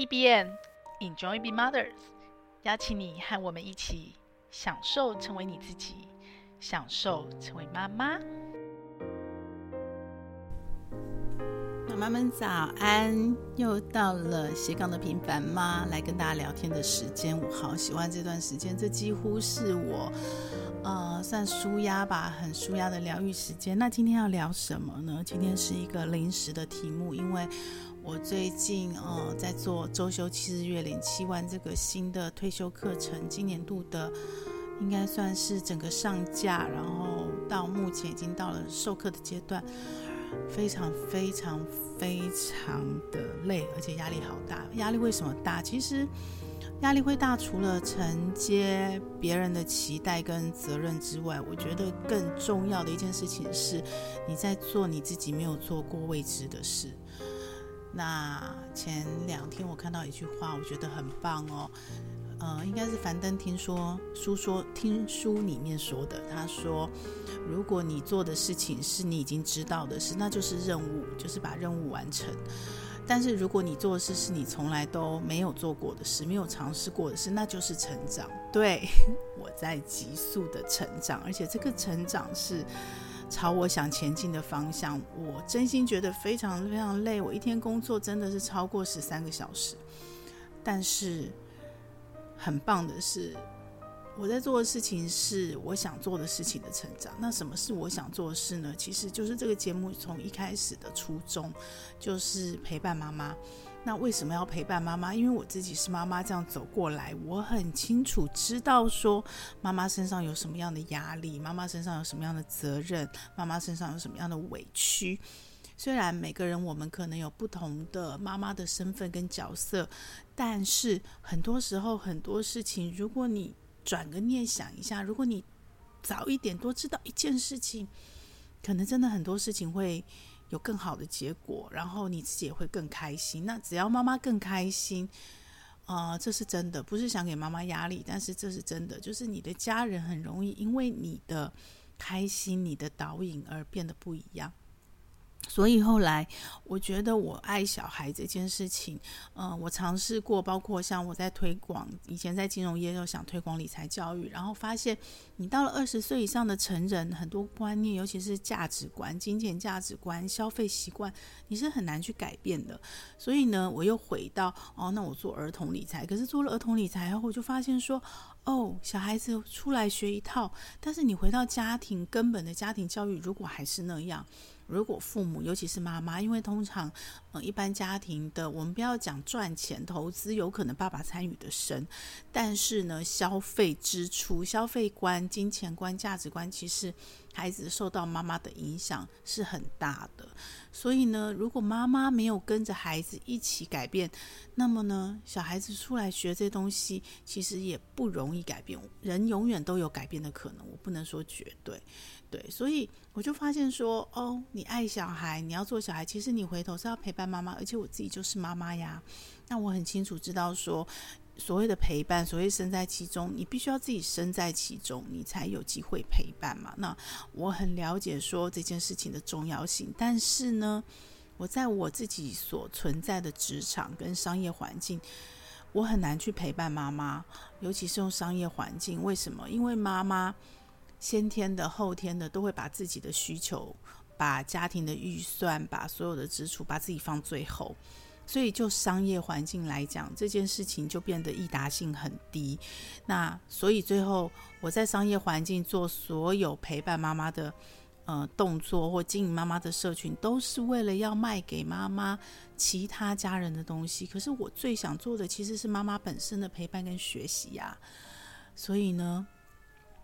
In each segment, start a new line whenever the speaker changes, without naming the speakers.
EBM Enjoy Being Mothers，邀請你和我們一起享受成為你自己，享受成為媽媽。媽媽們早安！又到了斜槓的平凡媽來跟大家聊天的時間，我好喜歡這段時間，這幾乎是我呃算舒壓吧，很舒壓的療癒時間。那今天要聊什麼呢？今天是一個臨時的題目，因為，我最近呃、嗯、在做周休七日、月領七萬這個新的退休課程，今年度的應該算是整個上架，然後到目前已經到了授課的階段，非常非常非常的累，而且壓力好大。壓力為什麼大？其實壓力會大，除了承接別人的期待跟責任之外，我覺得更重要的一件事情是，你在做你自己沒有做過未知的事。那前兩天我看到一句話，我覺得很棒哦。呃，應該是樊登聽說書說聽書裡面說的。他說，如果你做的事情是你已經知道的事，那就是任務，就是把任務完成。但是如果你做的事是你從來都沒有做過的事，沒有嘗試過的事，那就是成長。對，我在急速的成長，而且這個成長是。朝我想前進的方向，我真心覺得非常非常累。我一天工作真的是超過十三個小時，但是很棒的是，我在做的事情是我想做的事情的成長。那什麼是我想做的事呢？其實就是這個節目從一開始的初衷，就是陪伴媽媽。那為什麼要陪伴媽媽？因為我自己是媽媽，這樣走過來，我很清楚知道說媽媽身上有什麼樣的壓力，媽媽身上有什麼樣的責任，媽媽身上有什麼樣的委屈。雖然每個人我們可能有不同的媽媽的身份跟角色，但是很多時候很多事情，如果你轉個念想一下，如果你早一點多知道一件事情，可能真的很多事情會，有更好的結果，然後你自己也會更開心。那只要媽媽更開心，啊、呃，這是真的，不是想給媽媽壓力，但是這是真的，就是你的家人很容易因為你的開心、你的導引而變得不一樣。所以後來，我覺得我愛小孩這件事情，嗯、呃，我嘗試過，包括像我在推廣，以前在金融業又想推廣理財教育，然後發現，你到了二十歲以上的成人，很多觀念，尤其是價值觀、金錢價值觀、消費習慣，你是很難去改變的。所以呢，我又回到哦，那我做兒童理財，可是做了兒童理財後，我就發現說，哦，小孩子出來學一套，但是你回到家庭，根本的家庭教育如果還是那樣。如果父母，尤其是媽媽，因為通常，嗯、呃，一般家庭的，我們不要講賺錢、投資，有可能爸爸參與的深，但是呢，消費支出、消費觀、金錢觀、價值觀，其實孩子受到媽媽的影響是很大的。所以呢，如果媽媽沒有跟着孩子一起改變，那麼呢，小孩子出來學這東西，其實也不容易改變。人永遠都有改變的可能，我不能說絕對。對，所以我就發現說，哦，你愛小孩，你要做小孩，其實你回頭是要陪伴媽媽，而且我自己就是媽媽呀。那我很清楚知道說，所謂的陪伴，所謂身在其中，你必須要自己身在其中，你才有機會陪伴嘛。那我很了解說這件事情的重要性，但是呢，我在我自己所存在的職場跟商業環境，我很難去陪伴媽媽，尤其是用商業環境，為什麼？因為媽媽。先天的，後天的，都會把自己的需求、把家庭的預算、把所有的支出，把自己放最後。所以，就商業環境來講，這件事情就變得易達性很低。那所以，最後我在商業環境做所有陪伴媽媽的呃動作，或經營媽媽的社群，都是為了要賣給媽媽其他家人的東西。可是，我最想做的其實是媽媽本身的陪伴跟學習呀。所以呢？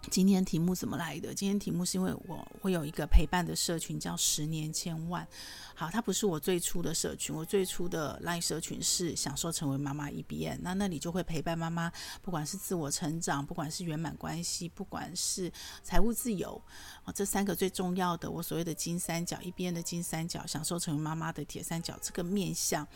今天題目怎麼來的？今天題目是因為我會有一個陪伴的社群，叫十年千萬。好，它不是我最初的社群，我最初的 LINE 社群是享受成為媽媽 EBM，那那裡就會陪伴媽媽，不管是自我成長，不管是圓滿關係，不管是財務自由啊，這三個最重要的，我所謂的金三角，EBM 的金三角，享受成為媽媽的鐵三角，這個面向。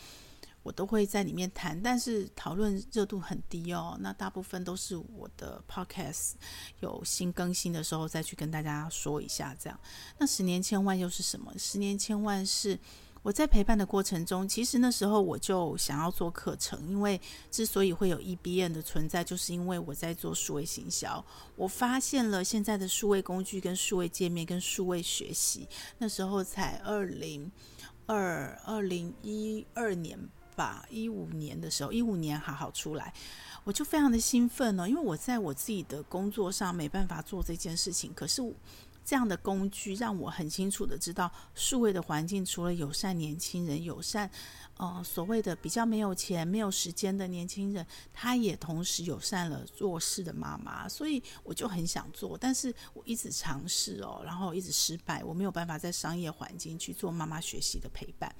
我都會在裡面談，但是討論熱度很低哦。那大部分都是我的 podcast 有新更新的時候再去跟大家說一下。這樣，那十年千萬又是什麼？十年千萬是我在陪伴的過程中，其實那時候我就想要做課程，因為之所以會有 EBM 的存在，就是因為我在做數位行銷，我發現了現在的數位工具、跟數位界面、跟數位學習。那時候才二零二二零一二年吧。吧，一五年的時候，一五年好好出來，我就非常的興奮呢、哦。因為我在我自己的工作上沒辦法做這件事情，可是這樣的工具讓我很清楚的知道，數位的環境除了友善年輕人，友善。呃，所謂的比較沒有錢、沒有時間的年輕人，他也同時友善了弱勢的媽媽，所以我就很想做，但是我一直嘗試哦，然後一直失敗，我沒有辦法在商業環境去做媽媽學習的陪伴，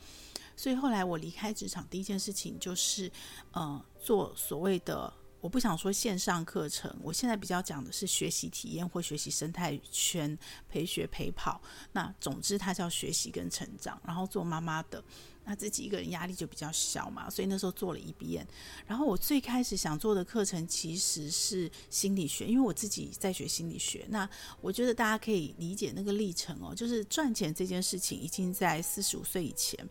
所以後來我離開職場，第一件事情就是，呃，做所謂的我不想說線上課程，我現在比較講的是學習體驗或學習生態圈陪學陪跑，那總之它叫學習跟成長，然後做媽媽的。那自己一個人壓力就比較小嘛，所以那時候做了一遍。然後我最開始想做的課程其實是心理學，因為我自己在學心理學。那我覺得大家可以理解那個歷程哦，就是賺錢這件事情已經在四十五歲以前，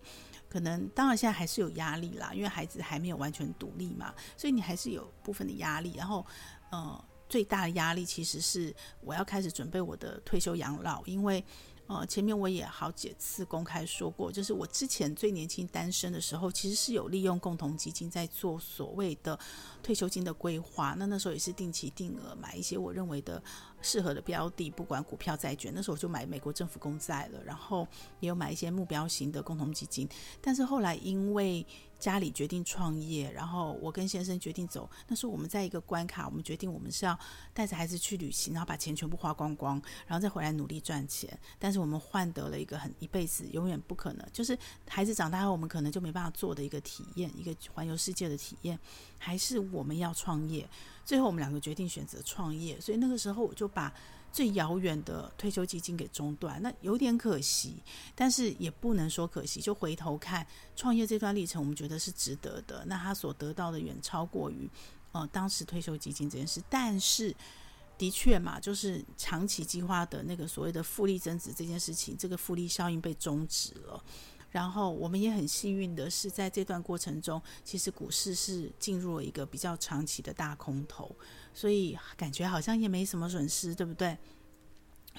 可能當然現在還是有壓力啦，因為孩子還沒有完全獨立嘛，所以你還是有部分的壓力。然後，呃，最大的壓力其實是我要開始準備我的退休養老，因為。呃，前面我也好幾次公開說過，就是我之前最年輕單身的時候，其實是有利用共同基金在做所謂的退休金的規劃。那那時候也是定期定額買一些我認為的適合的標的，不管股票、債券。那時候我就買美國政府公債了，然後也有買一些目標型的共同基金。但是後來因為家裡決定創業，然後我跟先生決定走。那時候我們在一個關卡，我們決定我們是要帶着孩子去旅行，然後把錢全部花光光，然後再回來努力賺錢。但是我們換得了一個很一輩子永遠不可能，就是孩子長大後我們可能就沒辦法做的一個體驗，一個環遊世界的體驗。還是我們要創業，最後我們兩個決定選擇創業。所以那個時候我就把最遙遠的退休基金給中斷，那有點可惜，但是也不能說可惜。就回頭看創業這段歷程，我們覺得是值得的。那他所得到的遠超過於，呃，當時退休基金這件事。但是的確嘛，就是長期計劃的那個所謂的複利增值這件事情，這個複利效應被終止了。然後我們也很幸運的是，在這段過程中，其實股市是進入了一個比較長期的大空頭，所以感覺好像也沒什麼損失，對不對？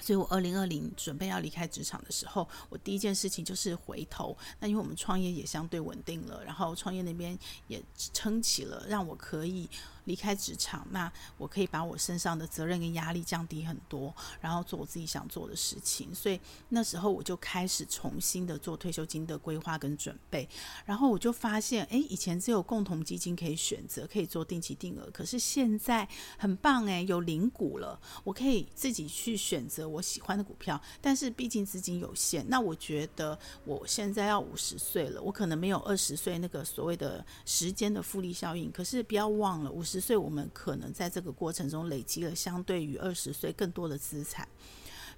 所以我2020準備要離開職場的時候，我第一件事情就是回頭。那因為我們創業也相對穩定了，然後創業那邊也撐起了，讓我可以。離開職場，那我可以把我身上的責任跟壓力降低很多，然後做我自己想做的事情。所以那時候我就開始重新的做退休金的規劃跟準備，然後我就發現，哎、欸，以前只有共同基金可以選擇，可以做定期定額，可是現在很棒，欸，哎，有零股了，我可以自己去選擇我喜歡的股票。但是畢竟資金有限，那我覺得我現在要五十歲了，我可能沒有二十歲那個所謂的時間的複利效應。可是不要忘了五十，所以，我們可能在這個過程中累積了相對於二十歲更多的資產。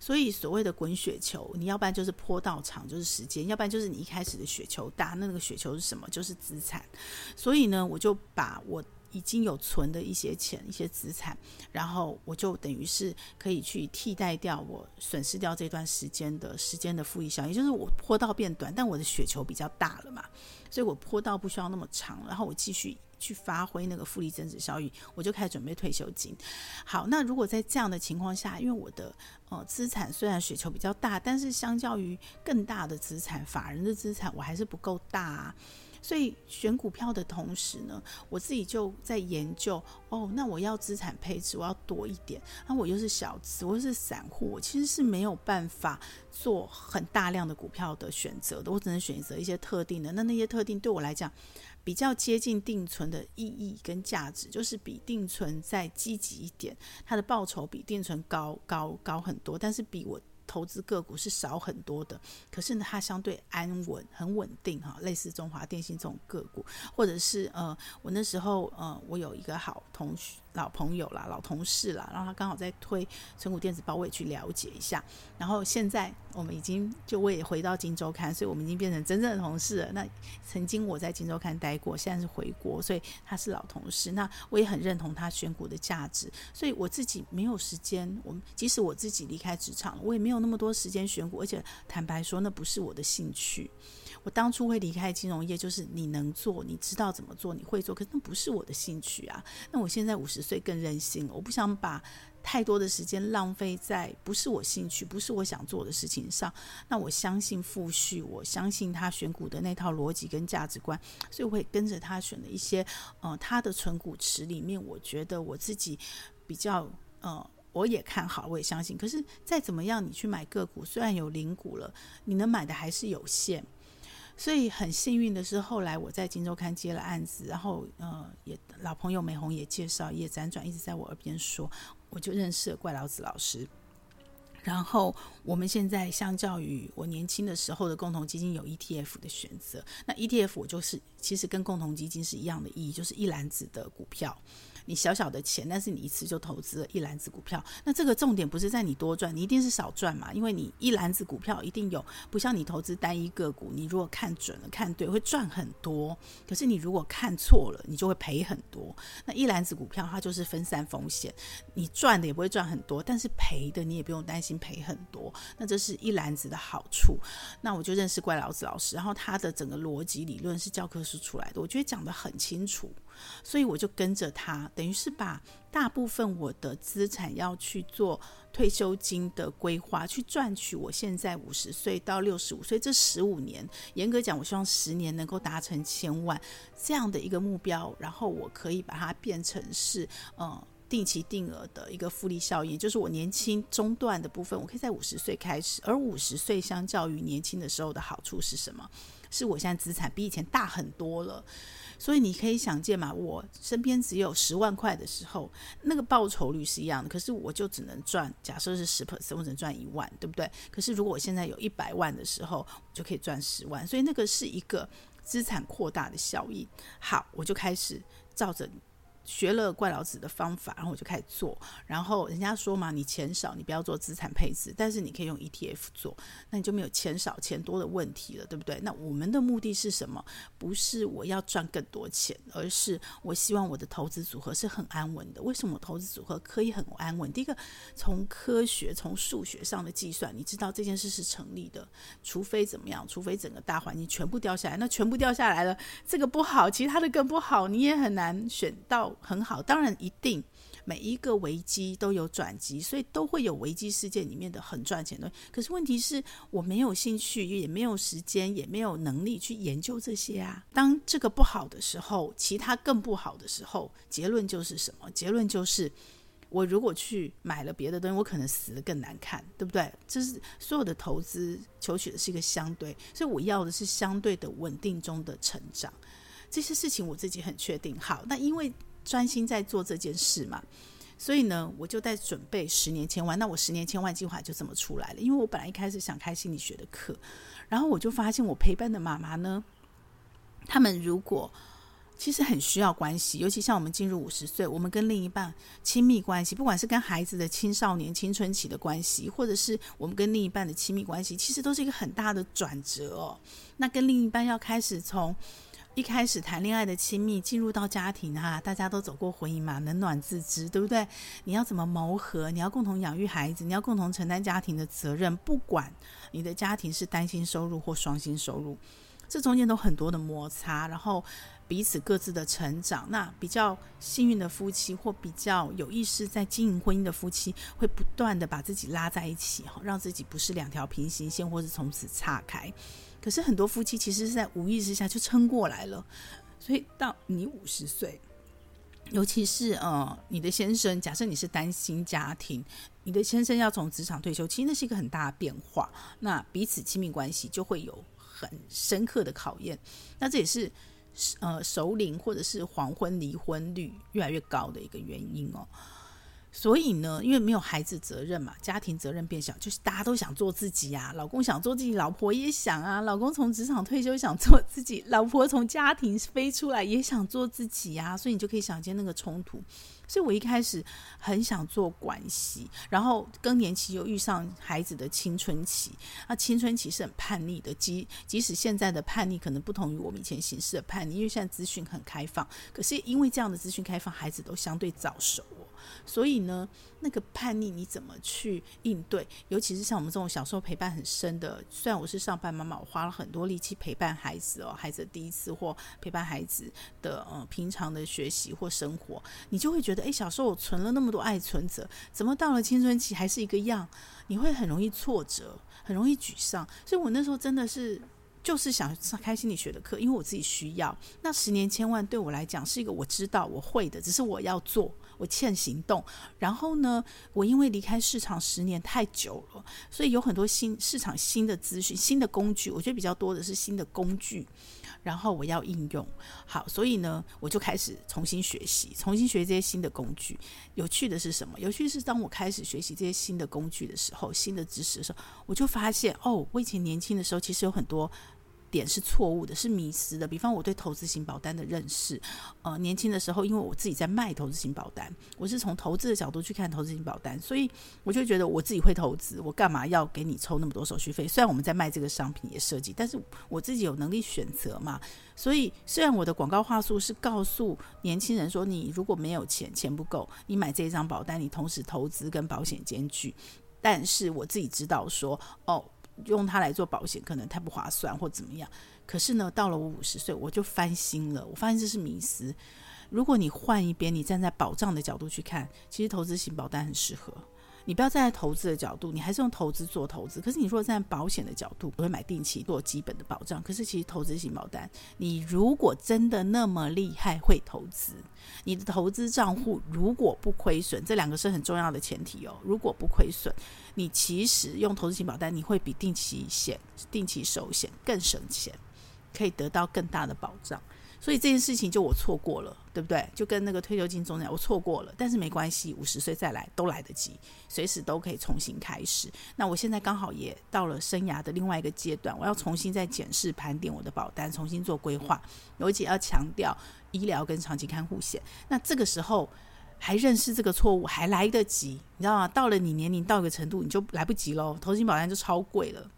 所以，所謂的滾雪球，你要不然就是坡道長，就是時間；要不然就是你一開始的雪球大。那那個雪球是什麼？就是資產。所以呢，我就把我已經有存的一些錢、一些資產，然後我就等於是可以去替代掉我損失掉這段時間的時間的複利效應，也就是我坡道變短，但我的雪球比較大了嘛，所以我坡道不需要那麼長，然後我繼續。去發揮那個複利增值效益，我就開始準備退休金。好，那如果在這樣的情況下，因為我的呃資產雖然雪球比較大，但是相較於更大的資產，法人的資產我還是不夠大啊。所以選股票的同時呢，我自己就在研究哦，那我要資產配置，我要多一點。那我又是小資，我又是散戶，我其實是沒有辦法做很大量的股票的選擇的，我只能選擇一些特定的。那那些特定對我來講。比較接近定存的意義跟價值，就是比定存再積極一點，它的報酬比定存高高高很多，但是比我投資個股是少很多的。可是呢，它相對安穩，很穩定哈，類似中華電信這種個股，或者是呃，我那時候呃，我有一個好同學。老朋友啦，老同事啦。然後他剛好在推存股電子報，我也去了解一下。然後現在我們已經就我也回到今周刊，所以我們已經變成真正的同事了。那曾經我在今周刊待過，現在是回鍋，所以他是老同事。那我也很認同他選股的價值，所以我自己沒有時間。我們即使我自己離開職場，我也沒有那麼多時間選股，而且坦白說，那不是我的興趣。我當初會離開金融業，就是你能做，你知道怎麼做，你會做，可是那不是我的興趣啊。那我現在五十歲，更任性了，我不想把太多的時間浪費在不是我興趣、不是我想做的事情上。那我相信複續，我相信他選股的那套邏輯跟價值觀，所以我會跟着他選了一些。呃，他的存股池裡面，我覺得我自己比較呃，我也看好，我也相信。可是再怎麼樣，你去買個股，雖然有零股了，你能買的還是有限。所以很幸運的是，後來我在《今周刊》接了案子，然後呃，也老朋友美紅也介紹，也輾轉一直在我耳邊說，我就認識了怪老子老師。然後我們現在相較於我年輕的時候的共同基金，有 ETF 的選擇，那 ETF 我就是其實跟共同基金是一樣的意義，就是一籃子的股票。你小小的錢，但是你一次就投資了一籃子股票，那這個重點不是在你多賺，你一定是少賺嘛，因為你一籃子股票一定有，不像你投資單一個股，你如果看準了看對會賺很多，可是你如果看錯了，你就會賠很多。那一籃子股票它就是分散風險，你賺的也不會賺很多，但是賠的你也不用擔心賠很多，那這是一籃子的好處。那我就認識怪老子老師，然後他的整個邏輯理論是教科書出來的，我覺得講得很清楚。所以我就跟着他，等於是把大部分我的資產要去做退休金的規劃，去賺取我現在五十歲到六十五歲這十五年。嚴格講，我希望十年能夠達成千萬這樣的一個目標，然後我可以把它變成是呃、嗯、定期定額的一個複利效應。就是我年輕中段的部分，我可以在五十歲開始。而五十歲相較於年輕的時候的好處是什麼？是我現在資產比以前大很多了。所以你可以想見嘛，我身邊只有十萬塊的時候，那個報酬率是一樣的，可是我就只能賺，假設是十%，我只能賺一萬，對不對？可是如果我現在有一百萬的時候，我就可以賺十萬，所以那個是一個資產擴大的效應。好，我就開始照着。學了怪老子的方法，然後我就開始做。然後人家說嘛，你錢少，你不要做資產配置，但是你可以用 ETF 做，那你就沒有錢少錢多的問題了，對不對？那我們的目的是什麼？不是我要賺更多錢，而是我希望我的投資組合是很安穩的。為什麼投資組合可以很安穩？第一個，從科學、從數學上的計算，你知道這件事是成立的。除非怎麼樣？除非整個大環境全部掉下來，那全部掉下來了，這個不好，其他的更不好，你也很難選到。很好，當然一定每一個危機都有轉機，所以都會有危機事件裡面的很賺錢的東西。可是問題是我沒有興趣，也沒有時間，也沒有能力去研究這些啊。當這個不好的時候，其他更不好的時候，結論就是什麼？結論就是我如果去買了別的東西，我可能死得更難看，對不對？這是所有的投資求取的是一個相對，所以我要的是相對的穩定中的成長。這些事情我自己很確定。好，那因為。專心在做這件事嘛，所以呢，我就在準備十年千萬。那我十年千萬計劃就這麼出來了。因為我本來一開始想開心理學的課，然後我就發現我陪伴的媽媽呢，她們如果其實很需要關係，尤其像我們進入五十歲，我們跟另一半親密關係，不管是跟孩子的青少年、青春期的關係，或者是我們跟另一半的親密關係，其實都是一個很大的轉折哦。那跟另一半要開始從。一開始談戀愛的親密，進入到家庭哈、啊，大家都走過婚姻嘛，冷暖自知，對不對？你要怎麼磨合？你要共同養育孩子，你要共同承擔家庭的責任。不管你的家庭是單薪收入或雙薪收入，這中間都很多的摩擦，然後彼此各自的成長。那比較幸運的夫妻，或比較有意識在經營婚姻的夫妻，會不斷的把自己拉在一起，讓自己不是兩條平行線，或是從此岔開。可是很多夫妻其實是在無意識下就撐過來了，所以到你五十歲，尤其是呃你的先生，假設你是單親家庭，你的先生要從職場退休，其實那是一個很大的變化，那彼此親密關係就會有很深刻的考驗，那這也是呃熟齡或者是黃昏離婚率越來越高的一個原因哦。所以呢，因為沒有孩子責任嘛，家庭責任變小，就是大家都想做自己呀。老公想做自己，老婆也想啊。老公從職場退休想做自己，老婆從家庭飛出來也想做自己呀。所以你就可以想見那個衝突。所以我一開始很想做關係，然後更年期又遇上孩子的青春期。那青春期是很叛逆的，即即使現在的叛逆可能不同於我們以前形式的叛逆，因為現在資訊很開放。可是因為這樣的資訊開放，孩子都相對早熟。所以呢，那個叛逆，你怎麼去應對？尤其是像我們這種小時候陪伴很深的，雖然我是上班媽媽，我花了很多力氣陪伴孩子哦、喔，孩子第一次或陪伴孩子的嗯，平常的學習或生活，你就會覺得，誒、欸，小時候我存了那麼多愛存摺，怎麼到了青春期還是一個樣？你會很容易挫折，很容易沮喪。所以我那時候真的是就是想上開心理學的課，因為我自己需要。那十年千萬對我來講是一個我知道我會的，只是我要做。我欠行動，然後呢，我因為離開市場十年太久了，所以有很多新市場新的資訊、新的工具，我覺得比較多的是新的工具，然後我要應用。好，所以呢，我就開始重新學習，重新學這些新的工具。有趣的是什麼？有趣的是當我開始學習這些新的工具的時候，新的知識的時候，我就發現，哦，我以前年輕的時候其實有很多。點是錯誤的，是迷失的。比方，我對投資型保單的認識，呃，年輕的時候，因為我自己在賣投資型保單，我是從投資的角度去看投資型保單，所以我就覺得我自己會投資，我幹嘛要給你抽那麼多手續費？雖然我們在賣這個商品也設計，但是我自己有能力選擇嘛。所以，雖然我的廣告話術是告訴年輕人說，你如果沒有錢，錢不夠，你買這一張保單，你同時投資跟保險兼具，但是我自己知道說，哦。用它來做保險可能太不划算或怎麼樣，可是呢，到了我五十歲，我就翻新了，我發現這是迷思。如果你換一邊，你站在保障的角度去看，其實投資型保單很適合。你不要站在投資的角度，你還是用投資做投資。可是，你如果站在保險的角度，我會買定期做基本的保障。可是，其實投資型保單，你如果真的那麼厲害會投資，你的投資賬戶如果不虧損，這兩個是很重要的前提哦。如果不虧損。你其實用投資型保單，你會比定期險、定期壽險更省錢，可以得到更大的保障。所以這件事情就我錯過了，對不對？就跟那個退休金中獎，我錯過了，但是沒關係，五十歲再來都來得及，隨時都可以重新開始。那我現在剛好也到了生涯的另外一個階段，我要重新再檢視盤點我的保單，重新做規劃。尤其要強調醫療跟長期看護險。那這個時候，還認識這個錯誤還來得及，你知道嗎？到了你年齡到一個程度，你就來不及嘍，投資保單就超貴了。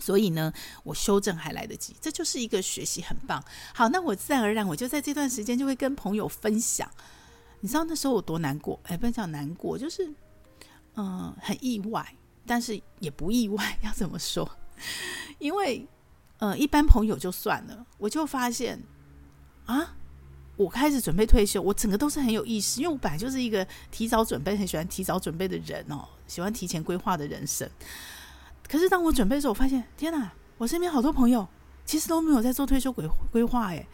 所以呢，我修正還來得及，這就是一個學習很棒。好，那我自然而然，我就在這段時間就會跟朋友分享。你知道那時候我多難過？哎，不叫難過，就是嗯、呃、很意外，但是也不意外，要怎麼說？因為呃，一般朋友就算了，我就發現啊。我開始準備退休，我整個都是很有意思。因為我本來就是一個提早準備、很喜歡提早準備的人哦、喔，喜歡提前規劃的人生。可是當我準備的時候，我發現，天哪、啊！我身邊好多朋友其實都沒有在做退休規規劃，誒，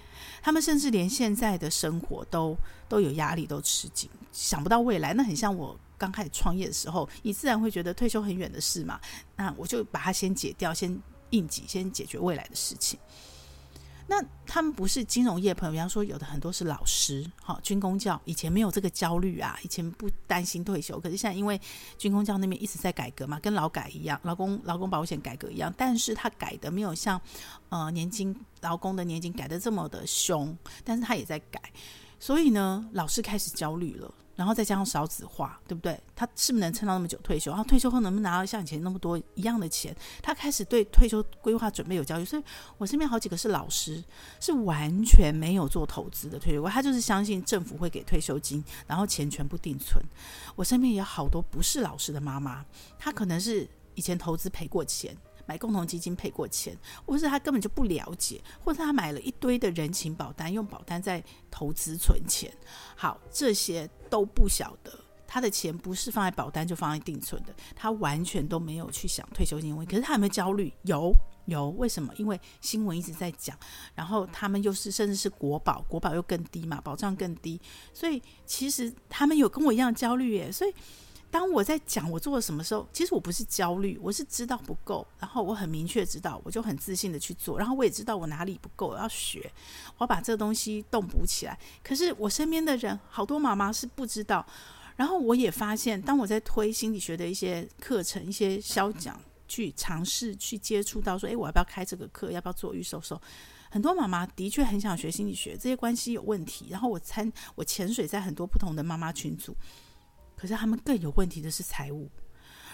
他們甚至連現在的生活都都有壓力，都吃緊，想不到未來。那很像我剛開始創業的時候，你自然會覺得退休很遠的事嘛，那我就把它先解掉，先應急，先解決未來的事情。那他們不是金融業朋友，比方說有的很多是老師，好、哦、軍公教以前沒有這個焦慮啊，以前不擔心退休，可是現在因為軍公教那邊一直在改革嘛，跟勞改一樣，勞工勞工保險改革一樣，但是他改的沒有像呃年金勞工的年金改得這麼的凶，但是他也在改，所以呢，老師開始焦慮了。然後再加上少子化，對不對？他是不是能撐到那麼久退休？然、啊、後退休後能不能拿到像以前那麼多一樣的錢？他開始對退休規劃準備有焦慮。所以我身邊好幾個是老師，是完全沒有做投資的退休，他就是相信政府會給退休金，然後錢全部定存。我身邊也有好多不是老師的媽媽，她可能是以前投資賠過錢。買共同基金賠過錢，或是他根本就不了解，或是他買了一堆的人情保單，用保單在投資存錢。好，這些都不曉得，他的錢不是放在保單，就放在定存的，他完全都沒有去想退休金問題。可是他有沒有焦慮？有，有，為什麼？因為新聞一直在講，然後他們又是甚至是國保，國保又更低嘛，保障更低，所以其實他們有跟我一樣焦慮耶，所以。當我在講我做了什麼時候，其實我不是焦慮，我是知道不夠，然後我很明確知道，我就很自信的去做，然後我也知道我哪裡不夠，我要學，我要把這個東西動補起來。可是我身邊的人好多媽媽是不知道，然後我也發現，當我在推心理學的一些課程、一些銷講，去嘗試去接觸到，說，哎，我要不要開這個課？要不要做預售？售很多媽媽的確很想學心理學，這些關係有問題。然後我參，我潛水在很多不同的媽媽群組。可是他們更有問題的是財務。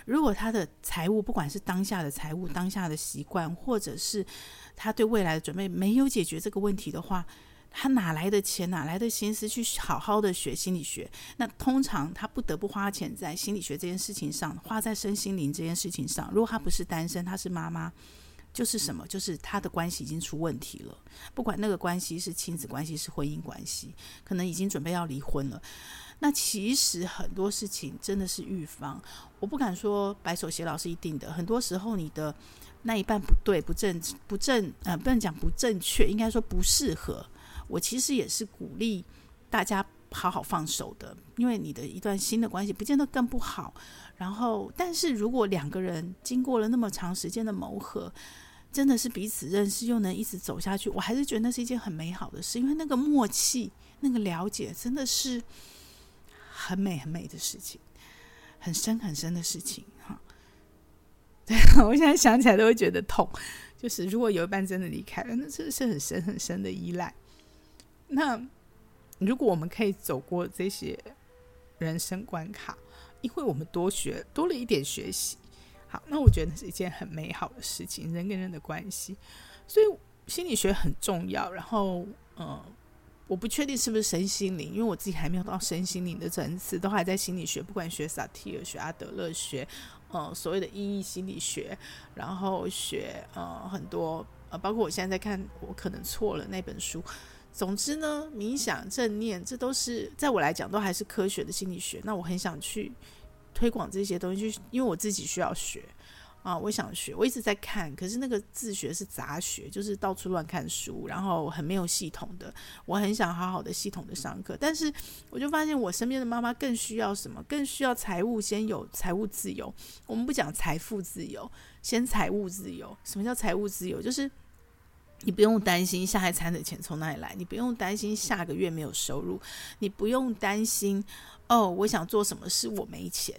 如果他的財務，不管是當下的財務、當下的習慣，或者是他對未來的準備，沒有解決這個問題的話，他哪來的錢？哪來的心思去好好的學心理學？那通常他不得不花錢在心理學這件事情上，花在身心靈這件事情上。如果他不是單身，他是媽媽，就是什麼？就是他的關係已經出問題了。不管那個關係是親子關係，是婚姻關係，可能已經準備要離婚了。那其實很多事情真的是預防，我不敢說白首偕老是一定的。很多時候你的那一半不對、不正、不正，呃，不能講不正確，應該說不適合。我其實也是鼓勵大家好好放手的，因為你的一段新的關係不見得更不好。然後，但是如果兩個人經過了那麼長時間的磨合，真的是彼此認識又能一直走下去，我還是覺得那是一件很美好的事，因為那個默契、那個了解真的是。很美很美的事情，很深很深的事情哈、哦。對我現在想起來都會覺得痛，就是如果有一半真的離開了，那這是很深很深的依賴。那如果我們可以走過這些人生關卡，因為我們多學多了一點學習，好，那我覺得是一件很美好的事情。人跟人的關係，所以心理學很重要。然後，嗯、呃。我不確定是不是身心靈，因為我自己還沒有到身心靈的層次，都還在心理學，不管學薩提爾學阿德勒學，呃，所謂的意義心理學，然後學呃很多呃，包括我現在在看，我可能錯了那本書。總之呢，冥想正念這都是在我來講都還是科學的心理學，那我很想去推廣這些東西，因為我自己需要學。啊，我想學，我一直在看，可是那個自學是雜學，就是到處亂看書，然後很沒有系統的。我很想好好的系統的上課，但是我就發現我身邊的媽媽更需要什麼？更需要財務，先有財務自由。我們不講財富自由，先財務自由。什麼叫財務自由？就是你不用擔心下一餐的錢從哪裡來，你不用擔心下個月沒有收入，你不用擔心哦，我想做什麼事，我沒錢。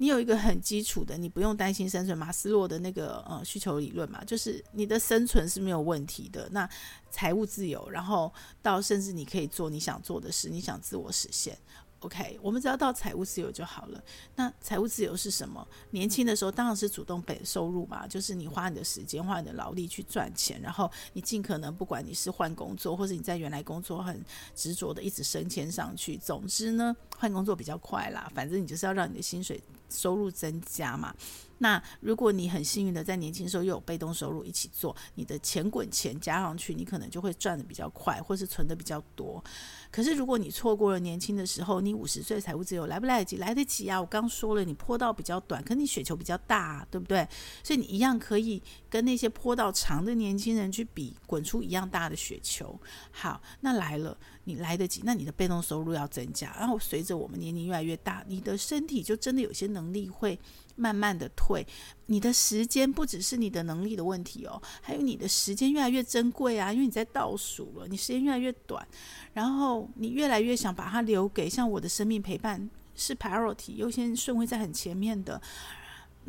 你有一個很基礎的，你不用擔心生存。馬斯洛的那個呃、嗯、需求理論嘛，就是你的生存是沒有問題的。那財務自由，然後到甚至你可以做你想做的事，你想自我實現。OK，我們只要到財務自由就好了。那財務自由是什麼？年輕的時候當然是主動被收入嘛，就是你花你的時間、花你的勞力去賺錢，然後你儘可能不管你是換工作，或者你在原來工作很執着的一直升遷上去。總之呢，換工作比較快啦，反正你就是要讓你的薪水收入增加嘛。那如果你很幸運的在年輕的時候又有被動收入一起做，你的錢滾錢加上去，你可能就會賺得比較快，或是存得比較多。可是，如果你錯過了年輕的時候，你五十歲的財務自由來不來得及？來得及啊！我剛說了，你坡道比較短，可你雪球比較大啊，對不對？所以你一樣可以跟那些坡道長的年輕人去比，滾出一樣大的雪球。好，那來了，你來得及，那你的被動收入要增加。然後隨着我們年齡越來越大，你的身體就真的有些能力會。慢慢的退，你的時間不只是你的能力的問題哦，還有你的時間越來越珍貴啊，因為你在倒數了，你時間越來越短，然後你越來越想把它留給像我的生命陪伴，是 priority 優先順位在很前面的。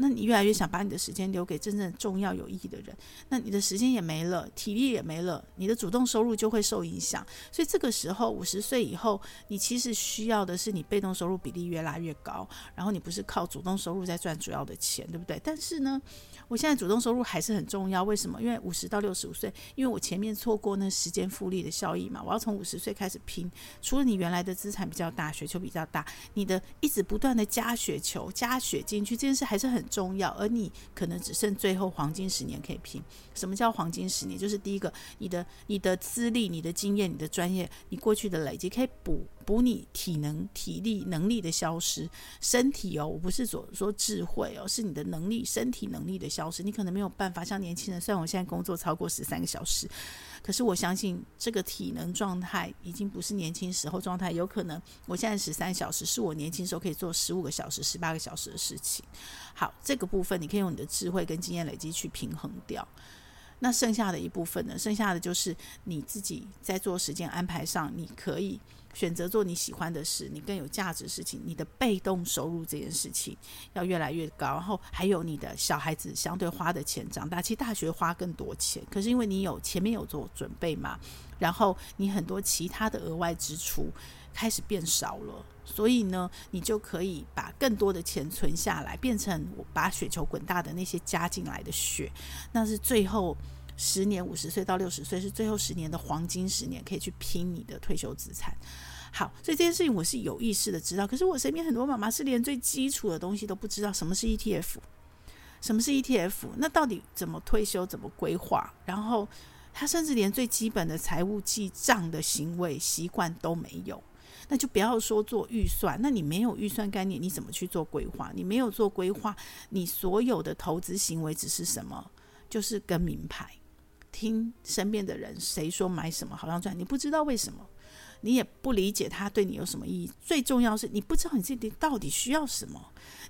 那你越來越想把你的時間留給真正重要有意義的人，那你的時間也沒了，體力也沒了，你的主動收入就會受影響。所以這個時候五十歲以後，你其實需要的是你被動收入比例越拉越高，然後你不是靠主動收入在賺主要的錢，對不對？但是呢，我現在主動收入還是很重要。為什麼？因為五十到六十五歲，因為我前面錯過那時間複利的效益嘛，我要從五十歲開始拼。除了你原來的資產比較大，雪球比較大，你的一直不斷的加雪球、加雪進去這件事還是很。重要，而你可能只剩最後黃金十年可以拼。什麼叫黃金十年？就是第一個，你的、你的資歷、你的經驗、你的專業、你過去的累積可以補。補你體能、體力、能力的消失，身體哦，我不是說說智慧哦，是你的能力、身體能力的消失。你可能沒有辦法像年輕人，雖然我現在工作超過十三個小時，可是我相信這個體能狀態已經不是年輕時候狀態。有可能我現在十三小時是我年輕時候可以做十五個小時、十八個小時的事情。好，這個部分你可以用你的智慧跟經驗累積去平衡掉。那剩下的一部分呢？剩下的就是你自己在做時間安排上，你可以。選擇做你喜歡的事，你更有價值的事情，你的被動收入這件事情要越來越高。然後還有你的小孩子相對花的錢，長大其實大學花更多錢，可是因為你有前面有做準備嘛，然後你很多其他的額外支出開始變少了，所以呢，你就可以把更多的錢存下來，變成我把雪球滾大的那些加進來的雪，那是最後。十年五十歲到六十歲是最後十年的黃金十年，可以去拼你的退休資產。好，所以這件事情我是有意識的知道。可是我身邊很多媽媽是連最基礎的東西都不知道，什麼是 ETF，什麼是 ETF？那到底怎麼退休？怎麼規劃？然後她甚至連最基本的財務記賬的行為習慣都沒有，那就不要說做預算。那你沒有預算概念，你怎麼去做規劃？你沒有做規劃，你所有的投資行為只是什麼？就是跟明牌。聽身邊的人誰說買什麼好像賺，你不知道為什麼，你也不理解他對你有什麼意義。最重要是你不知道你自己到底需要什麼。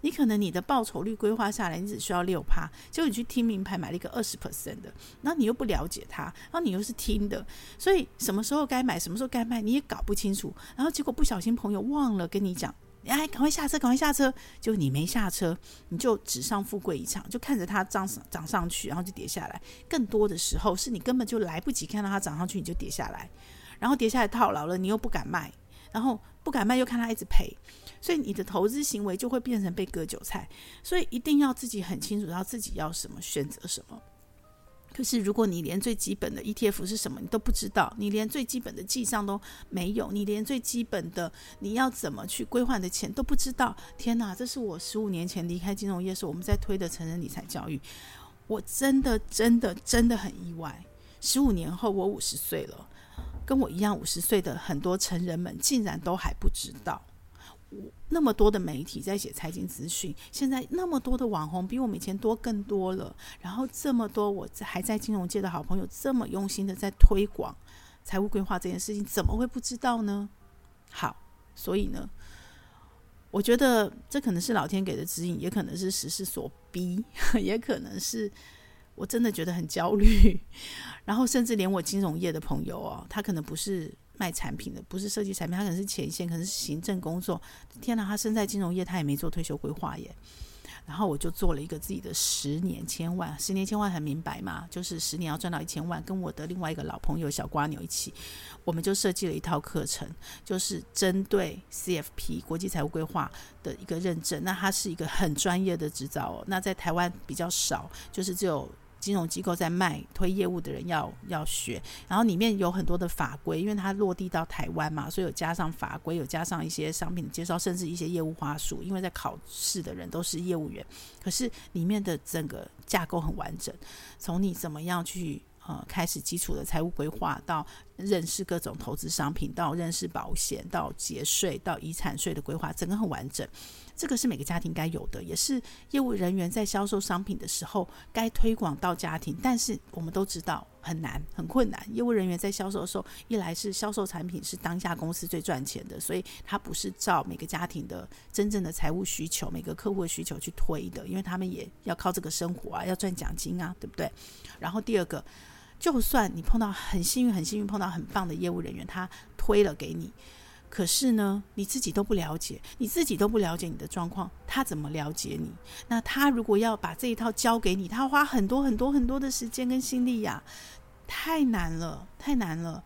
你可能你的報酬率規劃下來，你只需要六趴，結果你去聽名牌買了一個二十 percent 的，然後你又不了解他，然後你又是聽的，所以什麼時候該買，什麼時候該賣，你也搞不清楚。然後結果不小心朋友忘了跟你講。哎，趕快下車，趕快下車！就你沒下車，你就紙上富貴一場，就看着它漲上漲上去，然後就跌下來。更多的時候，是你根本就來不及看到它漲上去，你就跌下來，然後跌下來套牢了，你又不敢賣，然後不敢賣又看它一直賠，所以你的投資行為就會變成被割韭菜。所以一定要自己很清楚，然後自己要什麼，選擇什麼。可是，如果你連最基本的 ETF 是什麼你都不知道，你連最基本的記賬都沒有，你連最基本的你要怎麼去規劃的錢都不知道。天哪，這是我十五年前離開金融業時，我們在推的成人理財教育，我真的真的真的很意外。十五年後，我五十歲了，跟我一樣五十歲的很多成人們竟然都還不知道。那麼多的媒體在寫財經資訊，現在那麼多的網紅比我們以前多更多了，然後這麼多我還在金融界的好朋友這麼用心的在推廣財務規劃這件事情，怎麼會不知道呢？好，所以呢，我覺得這可能是老天給的指引，也可能是時勢所逼，也可能是我真的覺得很焦慮，然後甚至連我金融業的朋友哦，他可能不是。賣產品的不是設計產品，它可能是前線，可能是行政工作。天哪、啊，他身在金融業，他也沒做退休規劃耶。然後我就做了一個自己的十年千萬，十年千萬很明白嘛，就是十年要賺到一千萬。跟我的另外一個老朋友小蝸牛一起，我們就設計了一套課程，就是針對 CFP 國際財務規劃的一個認證。那它是一個很專業的執照，哦，那在台灣比較少，就是只有。金融機構在賣推業務的人要要學，然後裡面有很多的法規，因為它落地到台灣嘛，所以有加上法規，有加上一些商品的介紹，甚至一些業務話術。因為在考試的人都是業務員，可是裡面的整個架構很完整，從你怎麼樣去呃開始基礎的財務規劃，到認識各種投資商品，到認識保險，到節稅，到遺產稅的規劃，整個很完整。這個是每個家庭該有的，也是業務人員在銷售商品的時候該推廣到家庭。但是我們都知道很難，很困難。業務人員在銷售的時候，一來是銷售產品是當下公司最賺錢的，所以他不是照每個家庭的真正的財務需求、每個客戶的需求去推的，因為他們也要靠這個生活啊，要賺獎金啊，對不對？然後第二個，就算你碰到很幸運、很幸運，碰到很棒的業務人員，他推了給你。可是呢，你自己都不了解，你自己都不了解你的狀況，他怎麼了解你？那他如果要把這一套教給你，他花很多很多很多的時間跟心力呀、啊，太難了，太難了。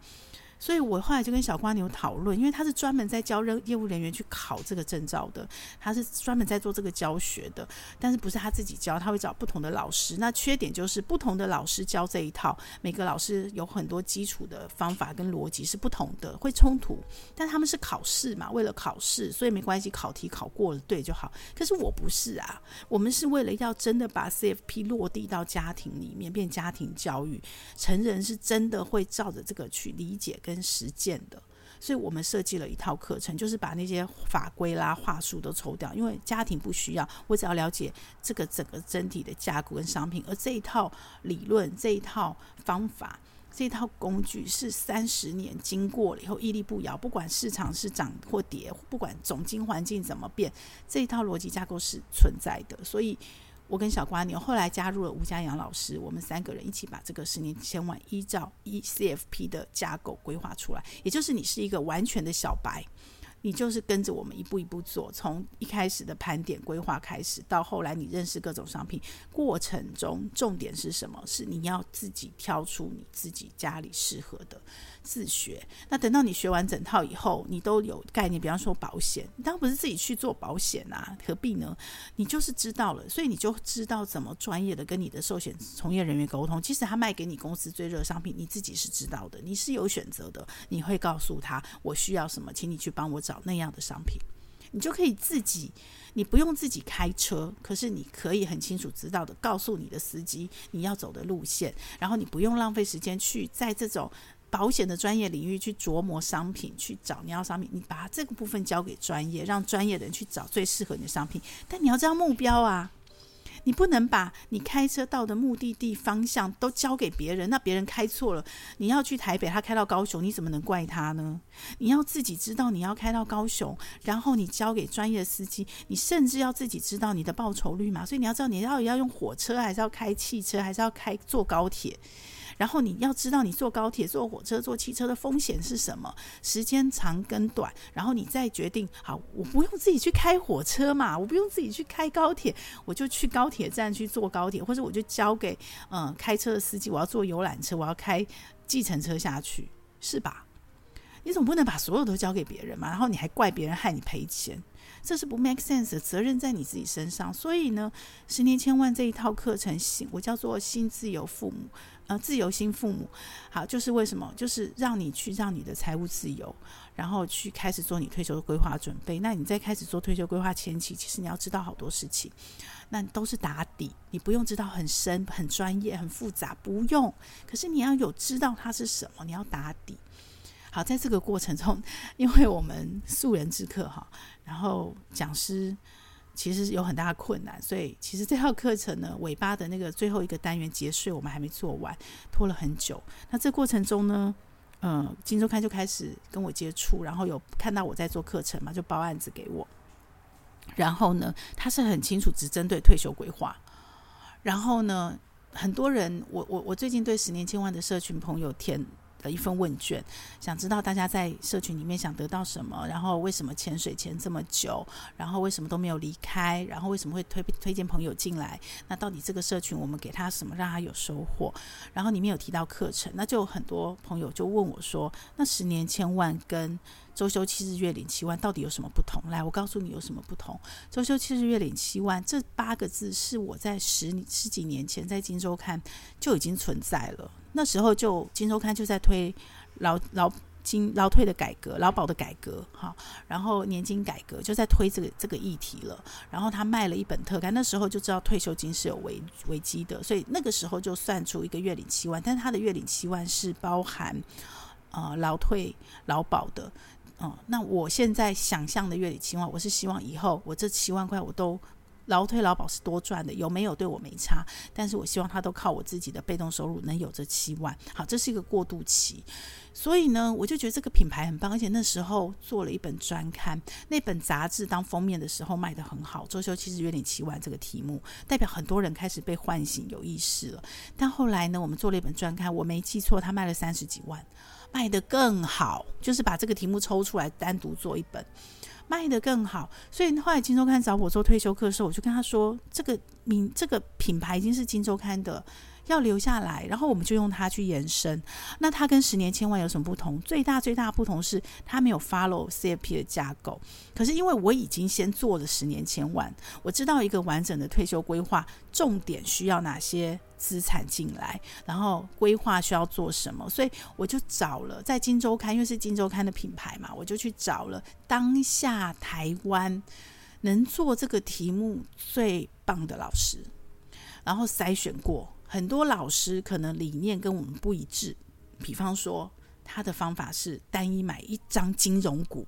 所以我後來就跟小蝸牛，討論，因為他是專門在教任業務人員去考這個證照的，他是專門在做這個教學的，但是不是他自己教，他會找不同的老師。那缺點就是不同的老師教這一套，每個老師有很多基礎的方法跟邏輯是不同的，會衝突。但他們是考試嘛，為了考試，所以沒關係，考題考過了對就好。可是我不是啊，我們是為了要真的把 CFP 落地到家庭裡面，變家庭教育，成人是真的會照着這個去理解跟。實踐的，所以我們設計了一套課程，就是把那些法規啦、話術都抽掉，因為家庭不需要。我只要了解這個整個整體的架構跟商品，而這一套理論、這一套方法、這一套工具是三十年經過了以後屹立不搖，不管市場是漲或跌，不管總經環境怎麼變，這一套邏輯架構是存在的，所以我跟小瓜牛後來加入了吳佳陽老師，我們三個人一起把這個十年千萬依照 ECFP 的架構規劃出來。也就是你是一個完全的小白，你就是跟着我們一步一步做，從一開始的盤點規劃開始，到後來你認識各種商品，過程中，重點是什麼？是你要自己挑出你自己家裡適合的。自學，那等到你學完整套以後，你都有概念。比方說保險，當然不是自己去做保險啊，何必呢？你就是知道了，所以你就知道怎麼專業的跟你的壽險從業人員溝通。即使他賣給你公司最熱商品，你自己是知道的，你是有選擇的。你會告訴他，我需要什麼，請你去幫我找那樣的商品。你就可以自己，你不用自己開車，可是你可以很清楚知道的告訴你的司機你要走的路線，然後你不用浪費時間去在這種。保險的專業領域去琢磨商品，去找你要商品，你把這個部分交給專業，讓專業的人去找最適合你的商品。但你要知道目標啊，你不能把你開車到的目的地方向都交給別人，那別人開錯了，你要去台北，他開到高雄，你怎麼能怪他呢？你要自己知道你要開到高雄，然後你交給專業的司機，你甚至要自己知道你的報酬率嘛。所以你要知道你到底要用火車，還是要開汽車，還是要開坐高鐵。然後你要知道，你坐高鐵、坐火車、坐汽車的風險是什麼？時間長跟短，然後你再決定。好，我不用自己去開火車嘛，我不用自己去開高鐵，我就去高鐵站去坐高鐵，或者我就交給嗯、呃、開車的司機。我要坐遊覽車，我要開計程車下去，是吧？你總不能把所有都交給別人嘛。然後你還怪別人害你賠錢，這是不 make sense 的。責任在你自己身上。所以呢，十年千萬這一套課程，我叫做新自由父母。啊、呃，自由新父母，好，就是為什麼？就是讓你去讓你的財務自由，然後去開始做你退休的規劃準備。那你在開始做退休規劃前期，其實你要知道好多事情，那都是打底，你不用知道很深、很專業、很複雜，不用。可是你要有知道它是什麼，你要打底。好，在這個過程中，因為我們素人之客哈，然後講師。其實有很大的困難，所以其實這套課程呢，尾巴的那個最後一個單元結束，我們還沒做完，拖了很久。那這過程中呢，嗯、呃，今周刊就開始跟我接觸，然後有看到我在做課程嘛，就包案子給我。然後呢，他是很清楚只針對退休規劃。然後呢，很多人，我我我最近對十年千萬的社群朋友填。的一份問卷，想知道大家在社群裡面想得到什麼，然後為什麼潛水潛這麼久，然後為什麼都沒有離開，然後為什麼會推推薦朋友進來？那到底這個社群我們給他什麼，讓他有收穫？然後裡面有提到課程，那就很多朋友就問我說，那十年千萬跟。周休七日，月領七萬，到底有什麼不同？來，我告訴你有什麼不同。周休七日，月領七萬，這八個字是我在十十幾年前在《今周刊》就已經存在了。那時候就《今周刊》就在推勞勞金勞退的改革、勞保的改革，哈，然後年金改革就在推這個這個議題了。然後他賣了一本特刊，那時候就知道退休金是有危危機的，所以那個時候就算出一個月領七萬，但他的月領七萬是包含呃勞退勞保的。嗯、那我現在想象的月底七萬，我是希望以後我這七萬塊我都勞退勞保是多賺的，有沒有對我沒差？但是我希望他都靠我自己的被動收入能有這七萬。好，這是一個過渡期，所以呢，我就覺得這個品牌很棒。而且那時候做了一本專刊，那本雜誌當封面的時候賣的很好。周休其實月底七萬這個題目，代表很多人開始被喚醒有意識了。但後來呢，我們做了一本專刊，我沒記錯，他賣了三十幾萬。賣得更好，就是把這個題目抽出來單獨做一本，賣得更好。所以後來《今周刊》找我做退休課的時候，我就跟他說：“這個名，這個品牌已經是《今周刊》的。”要留下來，然後我們就用它去延伸。那它跟十年千萬有什麼不同？最大最大的不同是它沒有 follow CFP 的架構。可是因為我已經先做了十年千萬，我知道一個完整的退休規劃重點需要哪些資產進來，然後規劃需要做什麼，所以我就找了在今周刊，因為是今周刊的品牌嘛，我就去找了當下台灣能做這個題目最棒的老師，然後篩選過。很多老師可能理念跟我們不一致，比方說他的方法是單一買一張金融股，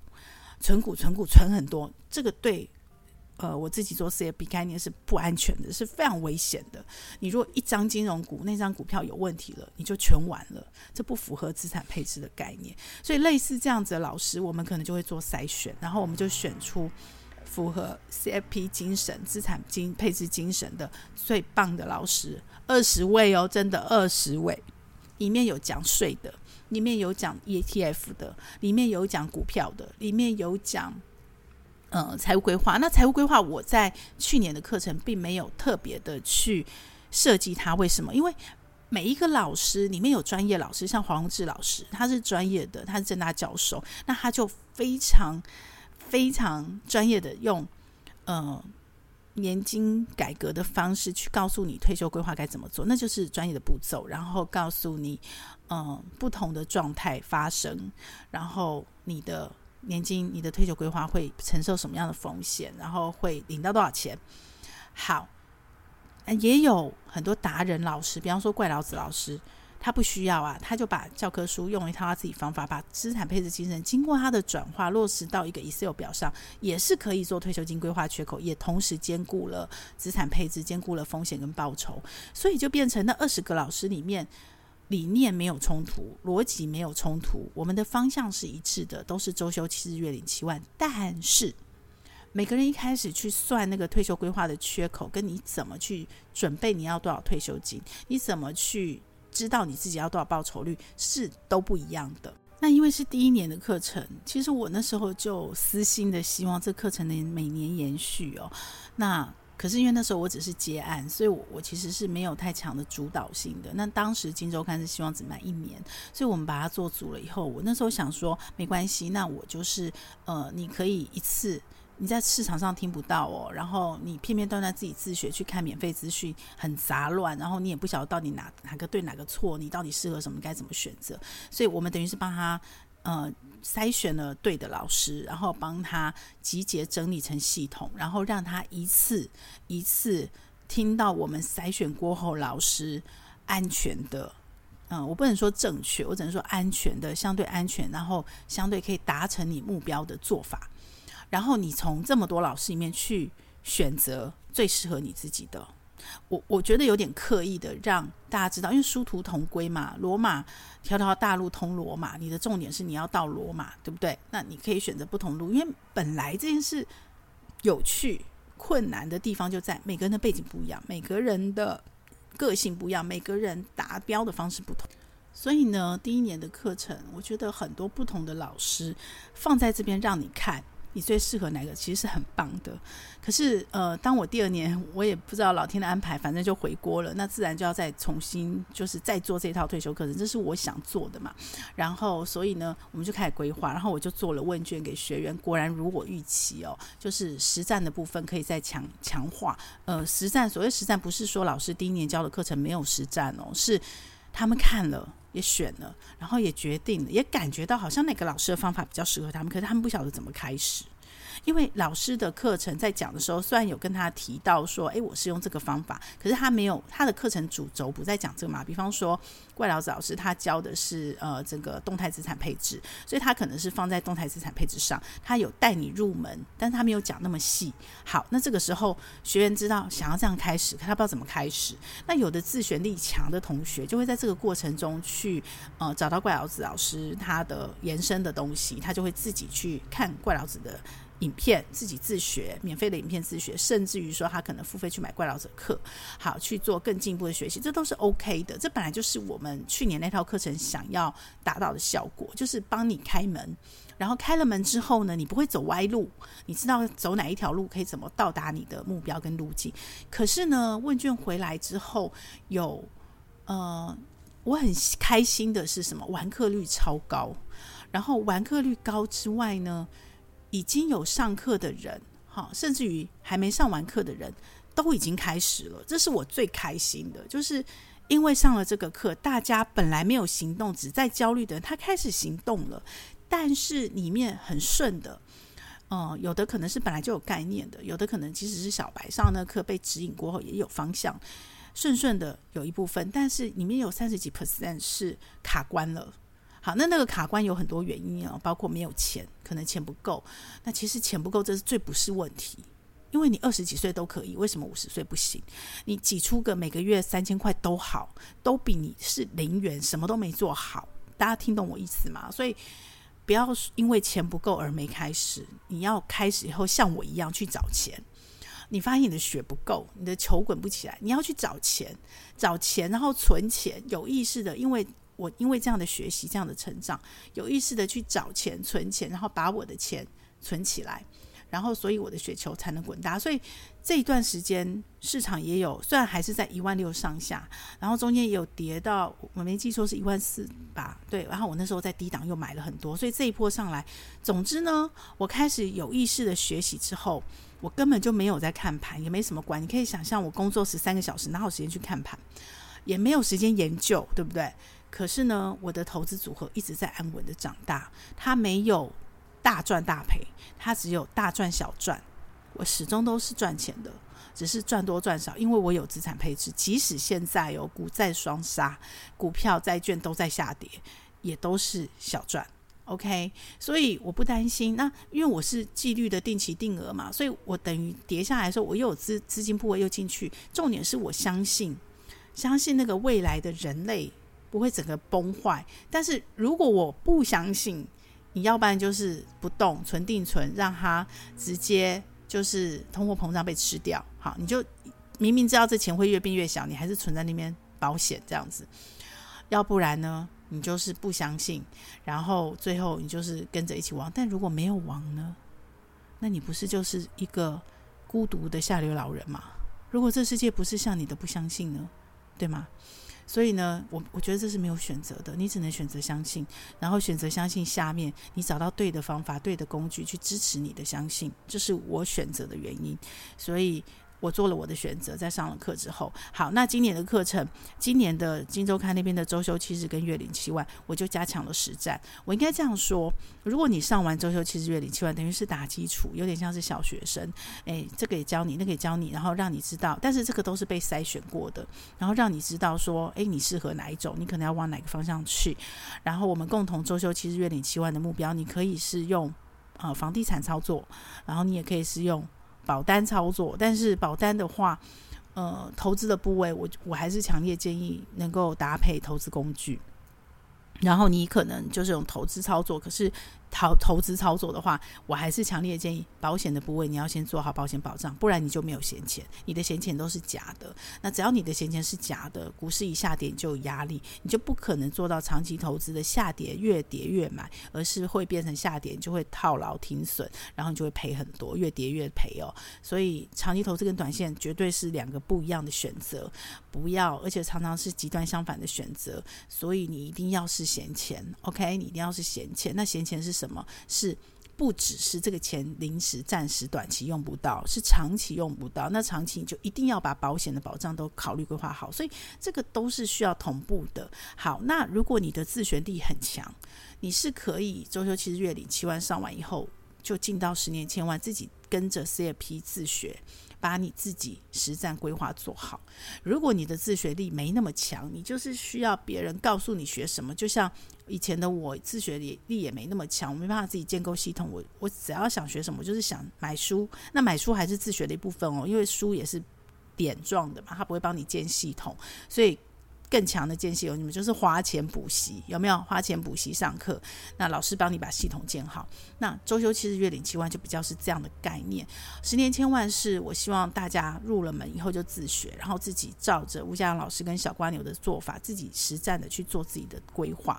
存股存股存很多，這個對呃我自己做 CFP 概念，是不安全的，是非常危險的。你如果一張金融股那張股票有問題了，你就全完了，這不符合資產配置的概念。所以類似這樣子的老師，我們可能就會做篩選，然後我們就選出符合 CFP 精神、資產精配置精神的最棒的老師。二十位哦，真的二十位，裡面有講稅的，裡面有講 ETF 的，裡面有講股票的，裡面有講呃財務規劃。那財務規劃我在去年的課程並沒有特別的去設計它，為什麼？因為每一個老師裡面有專業老師，像黃泓智老師，他是專業的，他是政大教授，那他就非常非常專業的用呃。年金改革的方式去告訴你退休規劃該怎麼做，那就是專業的步驟，然後告訴你，嗯，不同的狀態發生，然後你的年金、你的退休規劃會承受什麼樣的風險，然後會領到多少錢。好，也有很多達人老師，比方說怪老子老師。他不需要啊，他就把教科書用一套他自己方法，把資產配置精神經過他的轉化落實到一個 Excel 表上，也是可以做退休金規劃缺口，也同時兼顧了資產配置，兼顧了風險跟報酬，所以就變成那二十個老師裡面理念沒有衝突，邏輯沒有衝突，我們的方向是一致的，都是周休七日月領七萬，但是每個人一開始去算那個退休規劃的缺口，跟你怎麼去準備你要多少退休金，你怎麼去。知道你自己要多少報酬率，是都不一樣的。那因為是第一年的課程，其實我那時候就私心的希望這課程能每年延續哦、喔。那可是因為那時候我只是接案，所以我我其實是沒有太強的主導性的。那當時今周刊是希望只賣一年，所以我們把它做足了以後，我那時候想說沒關係，那我就是呃，你可以一次。你在市場上聽不到哦，然後你片片段段自己自學去看免費資訊，很雜亂，然後你也不曉得到底哪哪個對哪個錯，你到底適合什麼，該怎麼選擇？所以我們等於是幫他呃篩選了對的老師，然後幫他集結整理成系統，然後讓他一次一次聽到我們篩選過後老師安全的，嗯、呃，我不能說正確，我只能說安全的相對安全，然後相對可以達成你目標的做法。然後你從這麼多老師裡面去選擇最適合你自己的，我我覺得有點刻意的讓大家知道，因為殊途同歸嘛，羅馬條條大路通羅馬，你的重點是你要到羅馬，對不對？那你可以選擇不同路，因為本來這件事有趣，困難的地方就在每個人的背景不一樣，每個人的個性不一樣，每個人達標的方式不同。所以呢，第一年的課程，我覺得很多不同的老師放在這邊讓你看，你最適合哪個其實是很棒的，可是呃，當我第二年我也不知道老天的安排，反正就回鍋了，那自然就要再重新就是再做這一套退休課程，這是我想做的嘛。然後所以呢，我們就開始規劃，然後我就做了問卷給學員，果然如我預期哦，就是實戰的部分可以再強強化。呃，實戰所謂實戰不是說老師第一年教的課程沒有實戰哦，是他們看了。也選了，然後也決定了，也感覺到好像哪個老師的方法比較適合他們，可是他們不曉得怎麼開始。因為老師的課程在講的時候，雖然有跟他提到說，誒，我是用這個方法，可是他沒有他的課程主軸不在講這個嘛。比方說怪老子老師他教的是呃這個動態資產配置，所以他可能是放在動態資產配置上，他有帶你入門，但是他沒有講那麼細。好，那這個時候學員知道想要這樣開始，可他不知道怎麼開始。那有的自學力強的同學就會在這個過程中去呃找到怪老子老師他的延伸的東西，他就會自己去看怪老子的影片，自己自學，免費的影片自學，甚至於說他可能付費去買怪老子的課，好，去做更進一步的學習，這都是 OK 的。這本來就是我們去年那套課程想要達到的效果，就是幫你開門，然後開了門之後呢，你不會走歪路，你知道走哪一條路可以怎麼到達你的目標跟路徑。可是呢，問卷回來之後，有呃，我很開心的是什麼？完課率超高，然後完課率高之外呢？已經有上課的人，好，甚至於還沒上完課的人都已經開始了。這是我最開心的，就是因為上了這個課，大家本來沒有行動，只在焦慮的，他開始行動了。但是裡面很順的，哦、呃，有的可能是本來就有概念的，有的可能即使是小白上那課被指引過後也有方向，順順的有一部分，但是裡面有三十幾 percent 是卡關了。好，那那個卡關有很多原因啊，包括沒有錢，可能錢不夠。那其實錢不夠這是最不是問題，因為你二十幾歲都可以，為什麼五十歲不行？你擠出個每個月三千塊都好，都比你是零元什麼都沒做好。大家聽懂我意思嗎？所以不要因為錢不夠而沒開始，你要開始以後像我一樣去找錢。你發現你的雪不夠，你的球滾不起來，你要去找錢，找錢，然後存錢，有意識的，因為。我因為這樣的學習，這樣的成長，有意識的去找錢、存錢，然後把我的錢存起來，然後所以我的雪球才能滾大。所以這一段時間市場也有，雖然還是在一萬六上下，然後中間也有跌到，我沒記錯是一萬四吧，對。然後我那時候在低檔又買了很多，所以這一波上來，總之呢，我開始有意識的學習之後，我根本就沒有在看盤，也沒什麼管。你可以想象，我工作十三個小時，哪有時間去看盤，也沒有時間研究，對不對？可是呢，我的投資組合一直在安穩的長大，它沒有大賺大賠，它只有大賺小賺，我始終都是賺錢的，只是賺多賺少。因為我有資產配置，即使現在有股債雙殺，股票債券都在下跌，也都是小賺。OK，所以我不擔心。那因為我是紀律的定期定額嘛，所以我等於跌下來的時候，我又有資資金部位又進去。重點是我相信，相信那個未來的人類，不會整個崩壞，但是如果我不相信，你要不然就是不動，存定存，讓它直接就是通貨膨脹被吃掉。好，你就明明知道這錢會越變越小，你還是存在那邊保險這樣子。要不然呢，你就是不相信，然後最後你就是跟着一起亡。但如果沒有亡呢，那你不是就是一個孤獨的下流老人嗎？如果這世界不是像你的不相信呢，對嗎？所以呢，我我覺得這是沒有選擇的，你只能選擇相信，然後選擇相信下面你找到對的方法、對的工具去支持你的相信，這是我選擇的原因。所以。我做了我的選擇，在上了課之後，好，那今年的課程，今年的今周刊那邊的周休七日跟月領七萬，我就加強了實戰。我應該這樣說：如果你上完周休七日月領七萬，等於是打基礎，有點像是小學生。誒、欸，這個也教你，那個也教你，然後讓你知道。但是這個都是被篩選過的，然後讓你知道說，誒、欸，你適合哪一種，你可能要往哪個方向去。然後我們共同周休七日月領七萬的目標，你可以是用呃房地產操作，然後你也可以是用。保單操作，但是保單的話，呃，投資的部位我，我我還是強烈建議能夠搭配投資工具，然後你可能就是用投資操作，可是。投投資操作的話，我還是強烈建議保險的部位你要先做好保險保障，不然你就沒有閒錢，你的閒錢都是假的。那只要你的閒錢是假的，股市一下跌你就有壓力，你就不可能做到長期投資的下跌越跌越買，而是會變成下跌就會套牢停損，然後你就會賠很多，越跌越賠哦。所以長期投資跟短線絕對是兩個不一樣的選擇，不要，而且常常是極端相反的選擇。所以你一定要是閒錢，OK？你一定要是閒錢，那閒錢是什麼？什麼是不只是這個錢臨時、暫時、短期用不到，是長期用不到？那長期你就一定要把保險的保障都考慮規劃好，所以這個都是需要同步的。好，那如果你的自學力很強，你是可以周休七日月領七萬、上完以後就進到十年千萬，自己跟着 CFP 自學。把你自己實戰規劃做好。如果你的自學力沒那麼強，你就是需要別人告訴你學什麼。就像以前的我，自學力力也沒那麼強，我沒辦法自己建構系統。我我只要想學什麼，我就是想買書。那買書還是自學的一部分哦，因為書也是點狀的嘛，它不會幫你建系統，所以。更強的間隙有，你們就是花錢補習，有沒有花錢補習上課？那老師幫你把系統建好。那周休七日月領七萬就比較是這樣的概念。十年千萬是，我希望大家入了門以後就自學，然後自己照着吳家陽老師跟小蝸牛的做法，自己實戰的去做自己的規劃。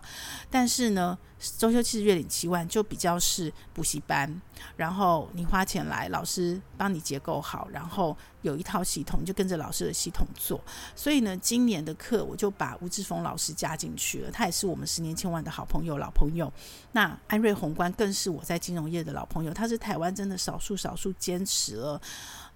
但是呢，周休七日月領七萬就比較是補習班，然後你花錢來，老師幫你結構好，然後。有一套系統，就跟着老師的系統做。所以呢，今年的課我就把吳志峰老師加進去了。他也是我們十年千萬的好朋友、老朋友。那安瑞宏觀更是我在金融業的老朋友。他是台灣真的少數少數堅持了，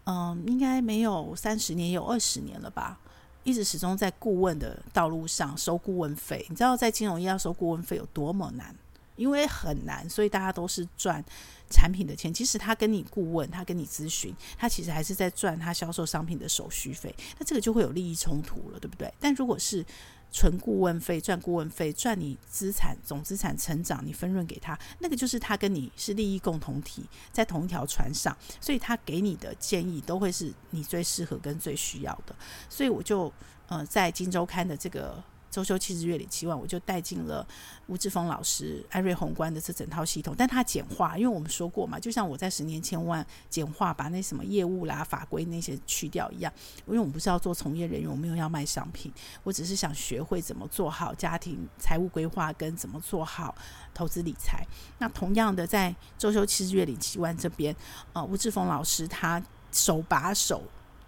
嗯，應該沒有三十年，有二十年了吧？一直始終在顧問的道路上收顧問費。你知道在金融業要收顧問費有多麼難？因為很難，所以大家都是賺。產品的錢，即使他跟你顧問，他跟你諮詢，他其實還是在賺他銷售商品的手續費，那這個就會有利益衝突了，對不對？但如果是純顧問費，賺顧問費，賺你資產總資產成長，你分潤給他，那個就是他跟你是利益共同體，在同一條船上，所以他給你的建議都會是你最適合跟最需要的，所以我就呃在今周刊的這個。周休七日月領七萬，我就帶進了吳志峰老師安睿宏觀的這整套系統，但他簡化，因為我們說過嘛，就像我在十年千萬簡化，把那什麼業務啦、法規那些去掉一樣，因為我們不是要做從業人員，我沒有要賣商品，我只是想學會怎麼做好家庭財務規劃跟怎麼做好投資理財。那同樣的，在周休七日月領七萬這邊，啊、呃，吳志峰老師他手把手。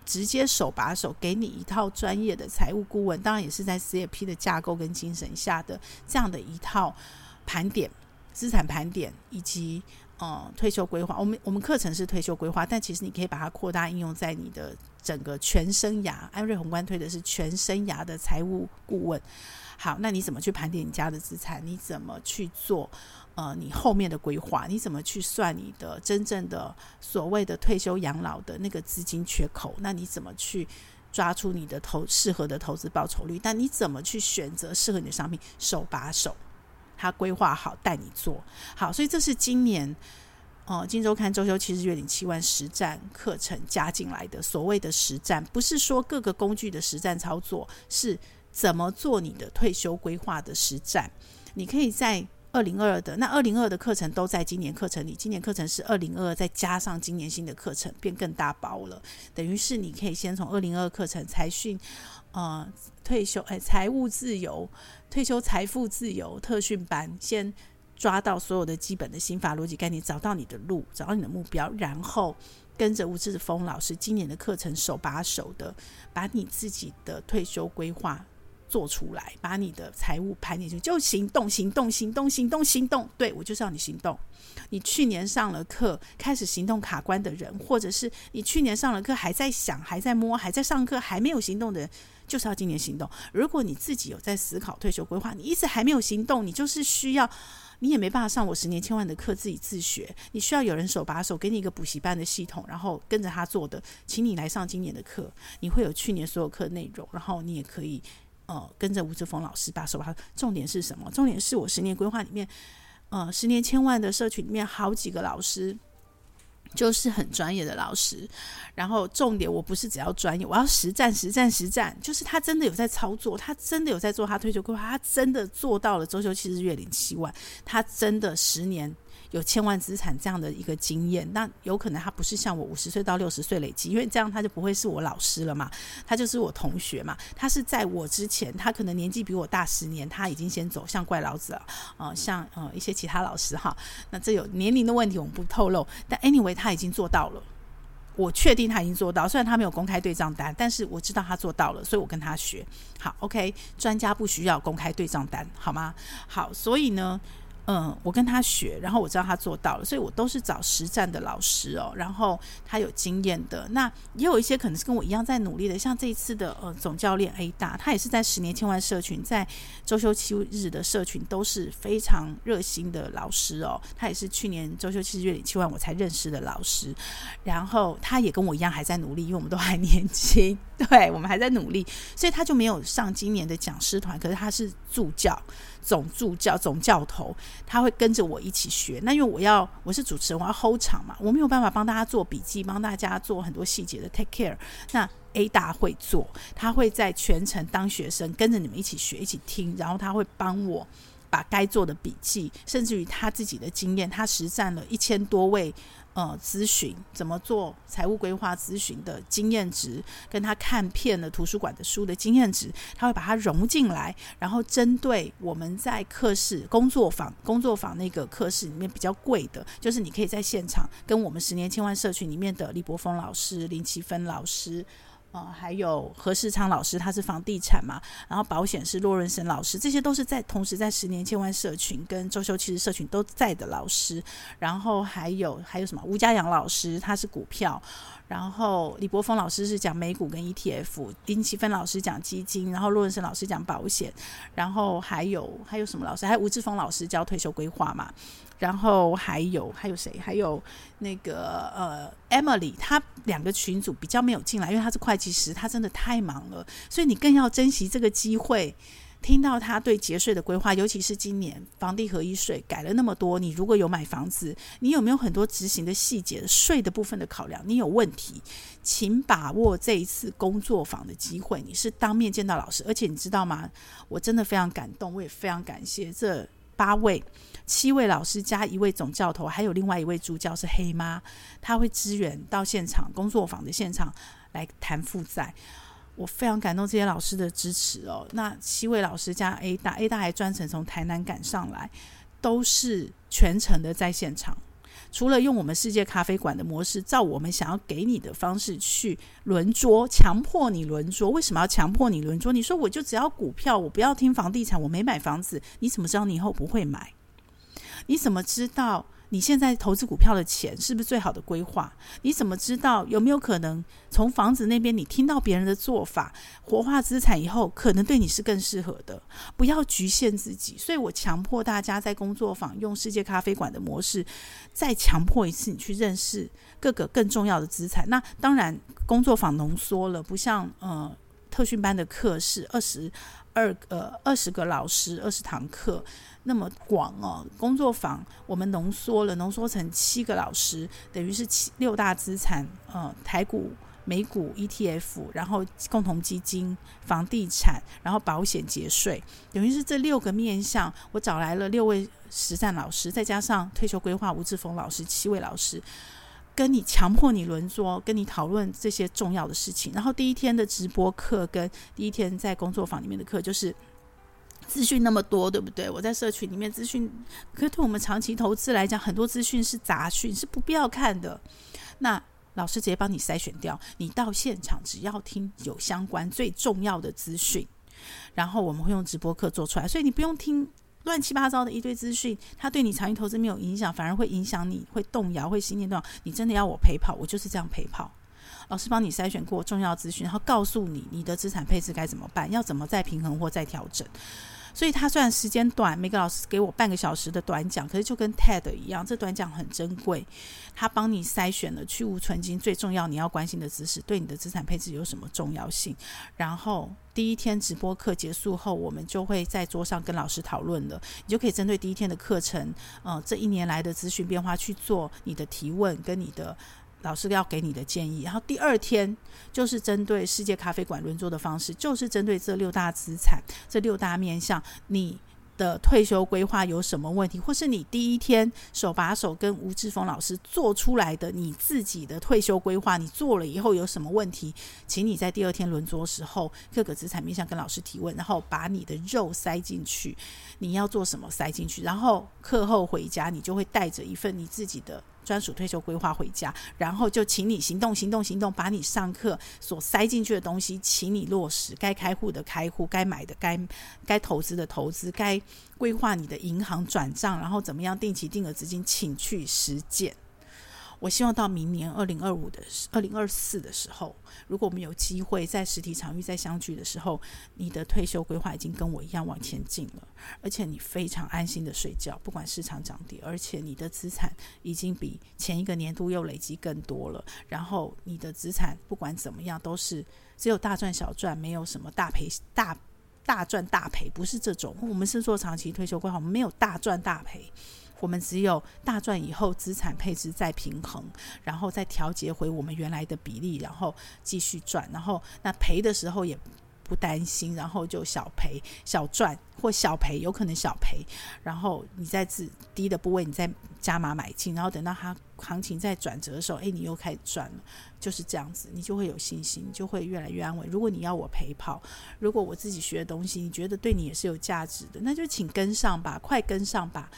直接手把手給你一套專業的財務顧問，當然也是在 CFP 的架構跟精神下的這樣的一套盤點、資產盤點以及呃、嗯、退休規劃。我們我們課程是退休規劃，但其實你可以把它擴大應用在你的整個全生涯。安瑞宏觀推的是全生涯的財務顧問。好，那你怎麼去盤點你家的資產？你怎麼去做？呃，你後面的規劃，你怎麼去算你的真正的所謂的退休養老的那個資金缺口？那你怎麼去抓出你的投適合的投資報酬率？但你怎麼去選擇適合你的商品？手把手，他規劃好帶你做好。所以這是今年哦，呃《金週刊》周休七實月領七萬實戰課程加進來的。所謂的實戰，不是說各個工具的實戰操作，是怎麼做你的退休規劃的實戰？你可以在，二零二二的那二零二二的課程都在今年課程裡，今年課程是二零二二再加上今年新的課程變更大包了，等於是你可以先從二零二二課程財訓，呃，退休、欸、財務自由退休財富自由特訓班先抓到所有的基本的心法邏輯概念，找到你的路，找到你的目標，然後跟着吳志峰老師今年的課程手把手的把你自己的退休規劃。做出來，把你的財務盤點成就行動，行動，行動，行動，行動。行動，對，我就是要你行動。你去年上了課，開始行動卡關的人，或者是你去年上了課還在想、還在摸、還在上課還沒有行動的人，就是要今年行動。如果你自己有在思考退休規劃，你一直還沒有行動，你就是需要，你也沒辦法上我十年千萬的課自己自學。你需要有人手把手給你一個補習班的系統，然後跟着他做的，請你來上今年的課，你會有去年所有課內容，然後你也可以。呃，跟着吳志峰老師把手把重點是什麼？重點是我十年規劃裡面，呃，十年千萬的社群裡面好幾個老師，就是很專業的老師。然後重點，我不是只要專業，我要實戰，實戰，實戰。就是他真的有在操作，他真的有在做，他退休規劃，他真的做到了周休七日、月領七萬，他真的十年有千萬資產這樣的一個經驗，那有可能他不是像我五十歲到六十歲累積，因為這樣他就不會是我老師了嘛，他就是我同學嘛。他是在我之前，他可能年紀比我大十年，他已經先走向怪老子了啊，呃，像呃一些其他老師哈。那這有年齡的問題，我不透露。但 anyway，他已經做到了，我確定他已經做到。雖然他沒有公開對賬單，但是我知道他做到了，所以我跟他學。好，OK，專家不需要公開對賬單，好嗎？好，所以呢。嗯，我跟他學，然後我知道他做到了，所以我都是找實戰的老師哦。然後他有經驗的，那也有一些可能是跟我一樣在努力的，像這一次的呃總教練 A 大，他也是在十年千萬社群，在周休七日的社群都是非常熱心的老師哦。他也是去年周休七日月領七萬我才認識的老師，然後他也跟我一樣還在努力，因為我們都還年輕，對，我們還在努力，所以他就沒有上今年的講師團，可是他是助教。總助教、總教頭，他會跟着我一起學。那因為我要我是主持人，我要 hold 場嘛，我沒有辦法幫大家做筆記，幫大家做很多細節的 take care。那 A 大會做，他會在全程當學生，跟着你們一起學、一起聽，然後他會幫我把該做的筆記，甚至於他自己的經驗，他實戰了一千多位。呃，諮詢怎麼做財務規劃諮詢的經驗值，跟他看片的圖書館的書的經驗值，他會把它融進來，然後針對我們在課室工作坊工作坊那個課室裡面比較貴的，就是你可以在現場跟我們十年千萬社群裡面的李柏鋒老師、林奇芬老師。哦、嗯，還有何世昌老師，他是房地產嘛，然後保險是洛潤生老師，這些都是在同時在十年千萬社群跟周休七日社群都在的老師，然後還有還有什麼吳家陽老師，他是股票。然後李博峰老師是講美股跟 ETF，丁奇芬老師講基金，然後陸文生老師講保險，然後還有還有什麼老師？還有吳志峰老師教退休規劃嘛。然後還有還有誰？還有那個呃 Emily，他兩個群組比較沒有進來，因為他是會計師，他真的太忙了，所以你更要珍惜這個機會。聽到他對節稅的規劃，尤其是今年房地合一稅改了那麼多，你如果有買房子，你有沒有很多執行的細節、稅的部分的考量？你有問題，請把握這一次工作坊的機會，你是當面見到老師。而且你知道嗎？我真的非常感動，我也非常感謝這八位、七位老師加一位總教頭，還有另外一位助教是黑媽，他會支援到現場工作坊的現場來談負債。我非常感動這些老師的支持哦。那七位老師加 A 大，A 大還專程從台南趕上來，都是全程的在現場。除了用我們世界咖啡館的模式，照我們想要給你的方式去輪桌，強迫你輪桌。為什麼要強迫你輪桌？你說我就只要股票，我不要聽房地產，我沒買房子，你怎麼知道你以後不會買？你怎麼知道？你現在投資股票的錢是不是最好的規劃？你怎麼知道有沒有可能從房子那邊你聽到別人的做法活化資產以後，可能對你是更適合的？不要局限自己。所以我強迫大家在工作坊用世界咖啡館的模式，再強迫一次你去認識各個更重要的資產。那當然，工作坊濃縮了，不像呃特訓班的課是二十，二十二呃二十個老師，二十堂課。那麼廣哦，工作坊我們濃縮了，濃縮成七個老師，等於是七六大資產，呃，台股、美股、ETF，然後共同基金、房地產，然後保險、節稅，等於是這六個面向，我找來了六位實戰老師，再加上退休規劃吳志峰老師，七位老師跟你強迫你輪桌，跟你討論這些重要的事情。然後第一天的直播課跟第一天在工作坊裡面的課就是。資訊那麼多，對不對？我在社群裡面資訊，可是對我們長期投資來講，很多資訊是雜訊，是不必要看的。那老師直接幫你篩選掉，你到現場只要聽有相關最重要的資訊，然後我們會用直播課做出來，所以你不用聽亂七八糟的一堆資訊，它對你長期投資沒有影響，反而會影響你，會動搖，會心念動搖。你真的要我陪跑，我就是這樣陪跑。老師幫你篩選過重要資訊，然後告訴你，你的資產配置該怎麼辦，要怎麼再平衡或再調整。所以，他雖然時間短，每個老師給我半個小時的短講，可是就跟 TED 一樣，這短講很珍貴。他幫你篩選了去蕪存菁最重要你要關心的知識，對你的資產配置有什麼重要性。然後第一天直播課結束後，我們就會在桌上跟老師討論的。你就可以針對第一天的課程，嗯、呃，這一年來的資訊變化去做你的提問跟你的。老師要給你的建議，然後第二天就是針對世界咖啡館輪桌的方式，就是針對這六大資產、這六大面向，你的退休規劃有什麼問題，或是你第一天手把手跟吳志峰老師做出來的你自己的退休規劃，你做了以後有什麼問題，請你在第二天輪桌的時候各個資產面向跟老師提問，然後把你的肉塞進去，你要做什麼塞進去，然後課後回家你就會帶着一份你自己的專屬退休規劃回家，然後就請你行動，行動，行動，把你上課所塞進去的東西，請你落實。該開戶的開戶，該買的，該該投資的投資，該規劃你的銀行轉賬，然後怎麼樣定期定額資金，請去實踐。我希望到明年二零二五的二零二四的時候，如果我們有機會在實體場域再相聚的時候，你的退休規劃已經跟我一樣往前進了，而且你非常安心的睡覺，不管市場漲跌，而且你的資產已經比前一個年度又累積更多了。然後你的資產不管怎麼樣都是只有大賺小賺，沒有什麼大賠，大，大賺大賠，不是這種。我們是做長期退休規劃，我們沒有大賺大賠。我們只有大賺以後，資產配置再平衡，然後再調節回我們原來的比例，然後繼續賺，然後那賠的時候也不擔心，然後就小賠小賺或小賠有可能小賠，然後你在低的部位你再加碼買進，然後等到它行情再轉折的時候，哎，你又開始賺了，就是這樣子，你就會有信心，你就會越來越安穩。如果你要我陪跑，如果我自己學的東西你覺得對你也是有價值的，那就請跟上吧，快跟上吧。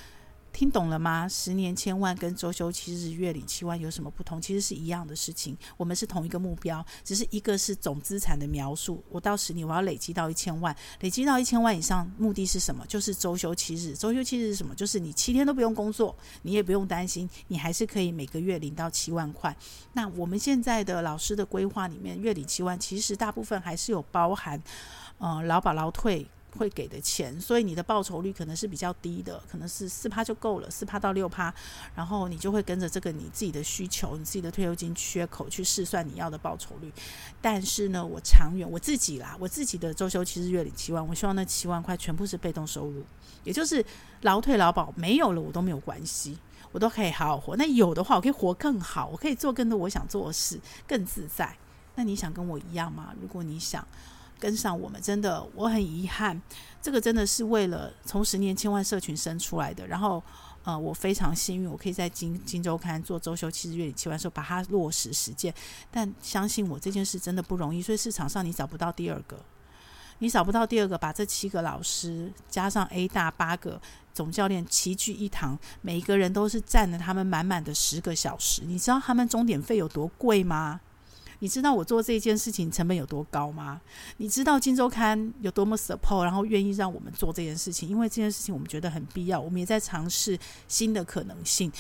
聽懂了嗎？十年千萬跟周休七日、月領七萬有什麼不同？其實是一樣的事情，我們是同一個目標，只是一個是總資產的描述。我到十年，我要累積到一千萬，累積到一千萬以上，目的是什麼？就是周休七日。周休七日是什麼？就是你七天都不用工作，你也不用擔心，你還是可以每個月領到七萬塊。那我們現在的老師的規劃裡面，月領七萬，其實大部分還是有包含，嗯、呃，勞保、勞退。會給的錢，所以你的報酬率可能是比較低的，可能是四趴就夠了，四趴到六趴，然後你就會跟着這個你自己的需求、你自己的退休金缺口去試算你要的報酬率。但是呢，我長遠我自己啦，我自己的周休七日月領七萬，我希望那七萬塊全部是被動收入，也就是勞退、勞保沒有了，我都沒有關係，我都可以好好活。那有的話，我可以活更好，我可以做更多我想做的事，更自在。那你想跟我一樣嗎？如果你想。跟上我們，真的，我很遺憾，這個真的是為了從十年千萬社群，生出來的。然後，呃，我非常幸運，我可以在今今周刊做周休七日月領七萬的時候把它落實實踐。但相信我，這件事真的不容易，所以市場上你找不到第二個，你找不到第二個把這七個老師加上 A 大八個總教練齊聚一堂，每一個人都是佔了他們滿滿的十個小時。你知道他們鐘點費有多貴嗎？你知道我做這件事情成本有多高嗎？你知道今周刊有多麼 support，然後願意讓我們做這件事情，因為這件事情我們覺得很必要，我們也在嘗試新的可能性。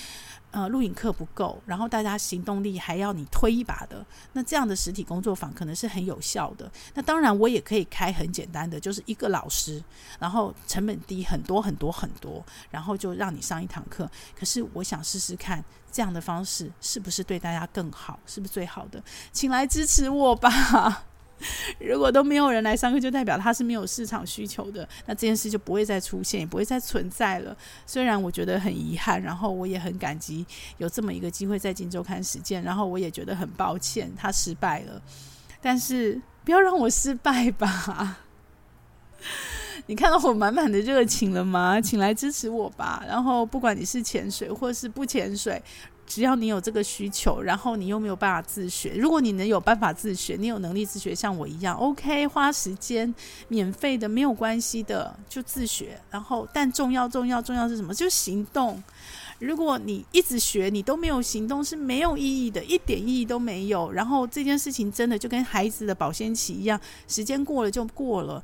呃，錄影課不夠，然後大家行動力還要你推一把的，那這樣的實體工作坊可能是很有效的。那當然，我也可以開很簡單的，就是一個老師，然後成本低很多很多很多，然後就讓你上一堂課。可是我想試試看這樣的方式是不是對大家更好，是不是最好的，請來支持我吧。如果都沒有人來上課，就代表他是沒有市場需求的。那這件事就不會再出現，也不會再存在了。雖然我覺得很遺憾，然後我也很感激有這麼一個機會在《荊州看實踐，然後我也覺得很抱歉，他失敗了。但是不要讓我失敗吧！你看到我滿滿的熱情了嗎？請來支持我吧。然後不管你是潛水或是不潛水，只要你有這個需求，然後你又沒有辦法自學。如果你能有辦法自學，你有能力自學，像我一樣，OK，花時間，免費的沒有關係的，就自學。然後，但重要重要重要是什麼？就行動。如果你一直學，你都沒有行動，是沒有意義的，一點意義都沒有。然後這件事情真的就跟孩子的保鮮期一樣，時間過了就過了。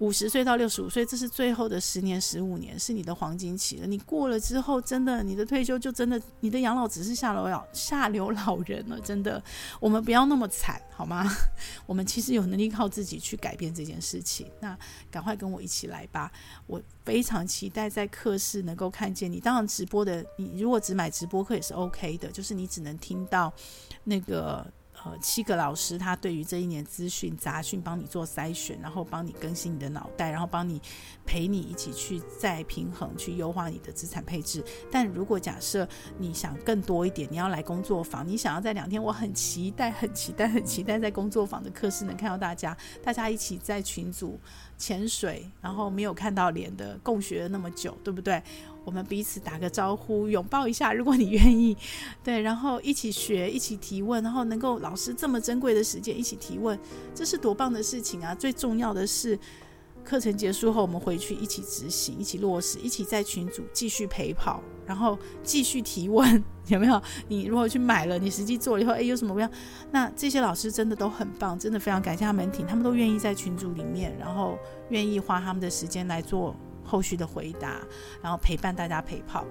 五十歲到六十五歲，這是最後的十年、十五年，是你的黃金期了。你過了之後，真的，你的退休就真的，你的養老只是下流老、下流老人了。真的，我們不要那麼慘，好嗎？ 我們其實有能力靠自己去改變這件事情。那趕快跟我一起來吧！我非常期待在課室能夠看見你。當然，直播的你如果只買直播課也是 OK 的，就是你只能聽到那個。呃，七個老師，他對於這一年資訊雜訊幫你做篩選，然後幫你更新你的腦袋，然後幫你陪你一起去再平衡、去優化你的資產配置。但如果假設你想更多一點，你要來工作坊，你想要在兩天，我很期待、很期待、很期待在工作坊的課室能看到大家，大家一起在群組潛水，然後沒有看到臉的共學了那麼久，對不對？我們彼此打個招呼，擁抱一下，如果你願意，對，然後一起學，一起提問，然後能夠老師這麼珍貴的時間一起提問，這是多棒的事情啊！最重要的是，課程結束後我們回去一起執行，一起落實，一起在群組繼續陪跑，然後繼續提問，有沒有？你如果去買了，你實際做了以後，哎、欸，有什麼不一樣？那這些老師真的都很棒，真的非常感謝他們挺，他們都願意在群組裡面，然後願意花他們的時間來做。後續的回答，然後陪伴大家陪跑，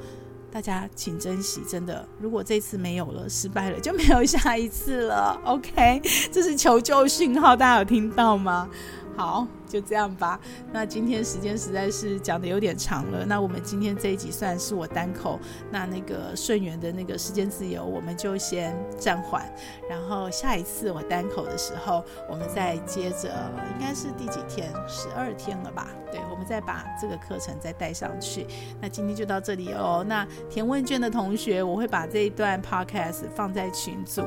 大家請珍惜，真的，如果這次沒有了，失敗了就沒有下一次了。OK，這是求救訊號，大家有聽到嗎？好。就這樣吧。那今天時間實在是講的有點長了。那我們今天這一集算是我單口。那那個舜元的那個時間自由，我們就先暫緩。然後下一次我單口的時候，我們再接着，應該是第幾天？十二天了吧？對，我們再把這個課程再帶上去。那今天就到這裡哦。那填問卷的同學，我會把這一段 podcast 放在群組，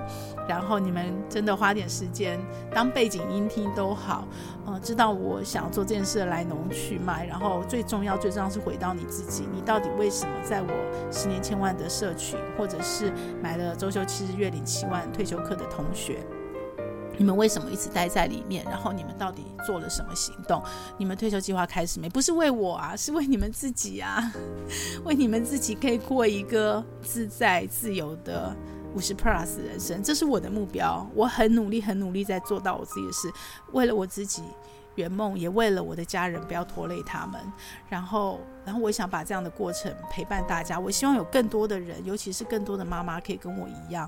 然後你們真的花點時間當背景音聽都好。嗯，知道我。我想做這件事的來龍去脈，然後最重要、最重要是回到你自己，你到底為什麼在我十年千萬的社群，或者是買了周休七日、月領七萬退休課的同學，你們為什麼一直待在裡面？然後你們到底做了什麼行動？你們退休計劃開始沒？不是為我啊，是為你們自己啊，為你們自己可以過一個自在自由的五十 plus 人生，這是我的目標。我很努力、很努力在做到我自己的事，為了我自己。圓夢，也為了我的家人，不要拖累他們。然後，然後，我想把這樣的過程陪伴大家。我希望有更多的人，尤其是更多的媽媽，可以跟我一樣。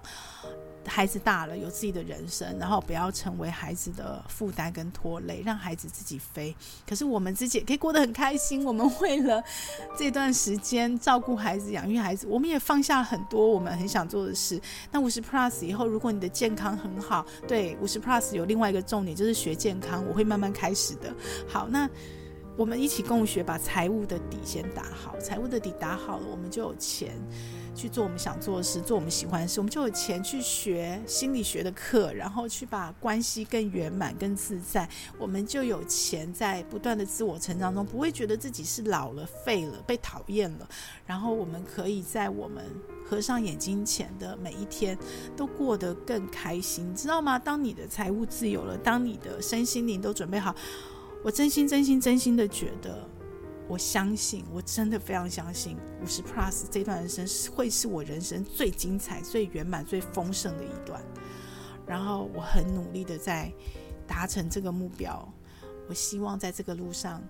孩子大了，有自己的人生，然後不要成為孩子的負擔跟拖累，讓孩子自己飛。可是我們自己也可以過得很開心。我們為了這段時間照顧孩子、養育孩子，我們也放下了很多我們很想做的事。那五十 plus 以後，如果你的健康很好，對五十 plus 有另外一個重點，就是學健康，我會慢慢開始的。好，那我們一起共學，把財務的底先打好。財務的底打好了，我們就有錢去做我們想做的事，做我們喜歡的事，我們就有錢去學心理學的課，然後去把關係更圓滿、更自在。我們就有錢在不斷的自我成長中，不會覺得自己是老了、廢了、被討厭了。然後我們可以在我們合上眼睛前的每一天都過得更開心，知道嗎？當你的財務自由了，當你的身心靈都準備好，我真心、真心、真心的覺得。我相信，我真的非常相信，五十 plus 這段人生是會是我人生最精彩、最圓滿、最豐盛的一段。然後我很努力的在達成這個目標。我希望在這個路上，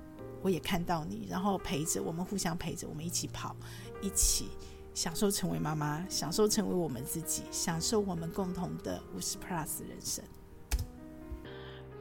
我也看到你，然後陪着我們，互相陪着，我們一起跑，一起享受成為媽媽，享受成為我們自己，享受我們共同的五十 plus 人生。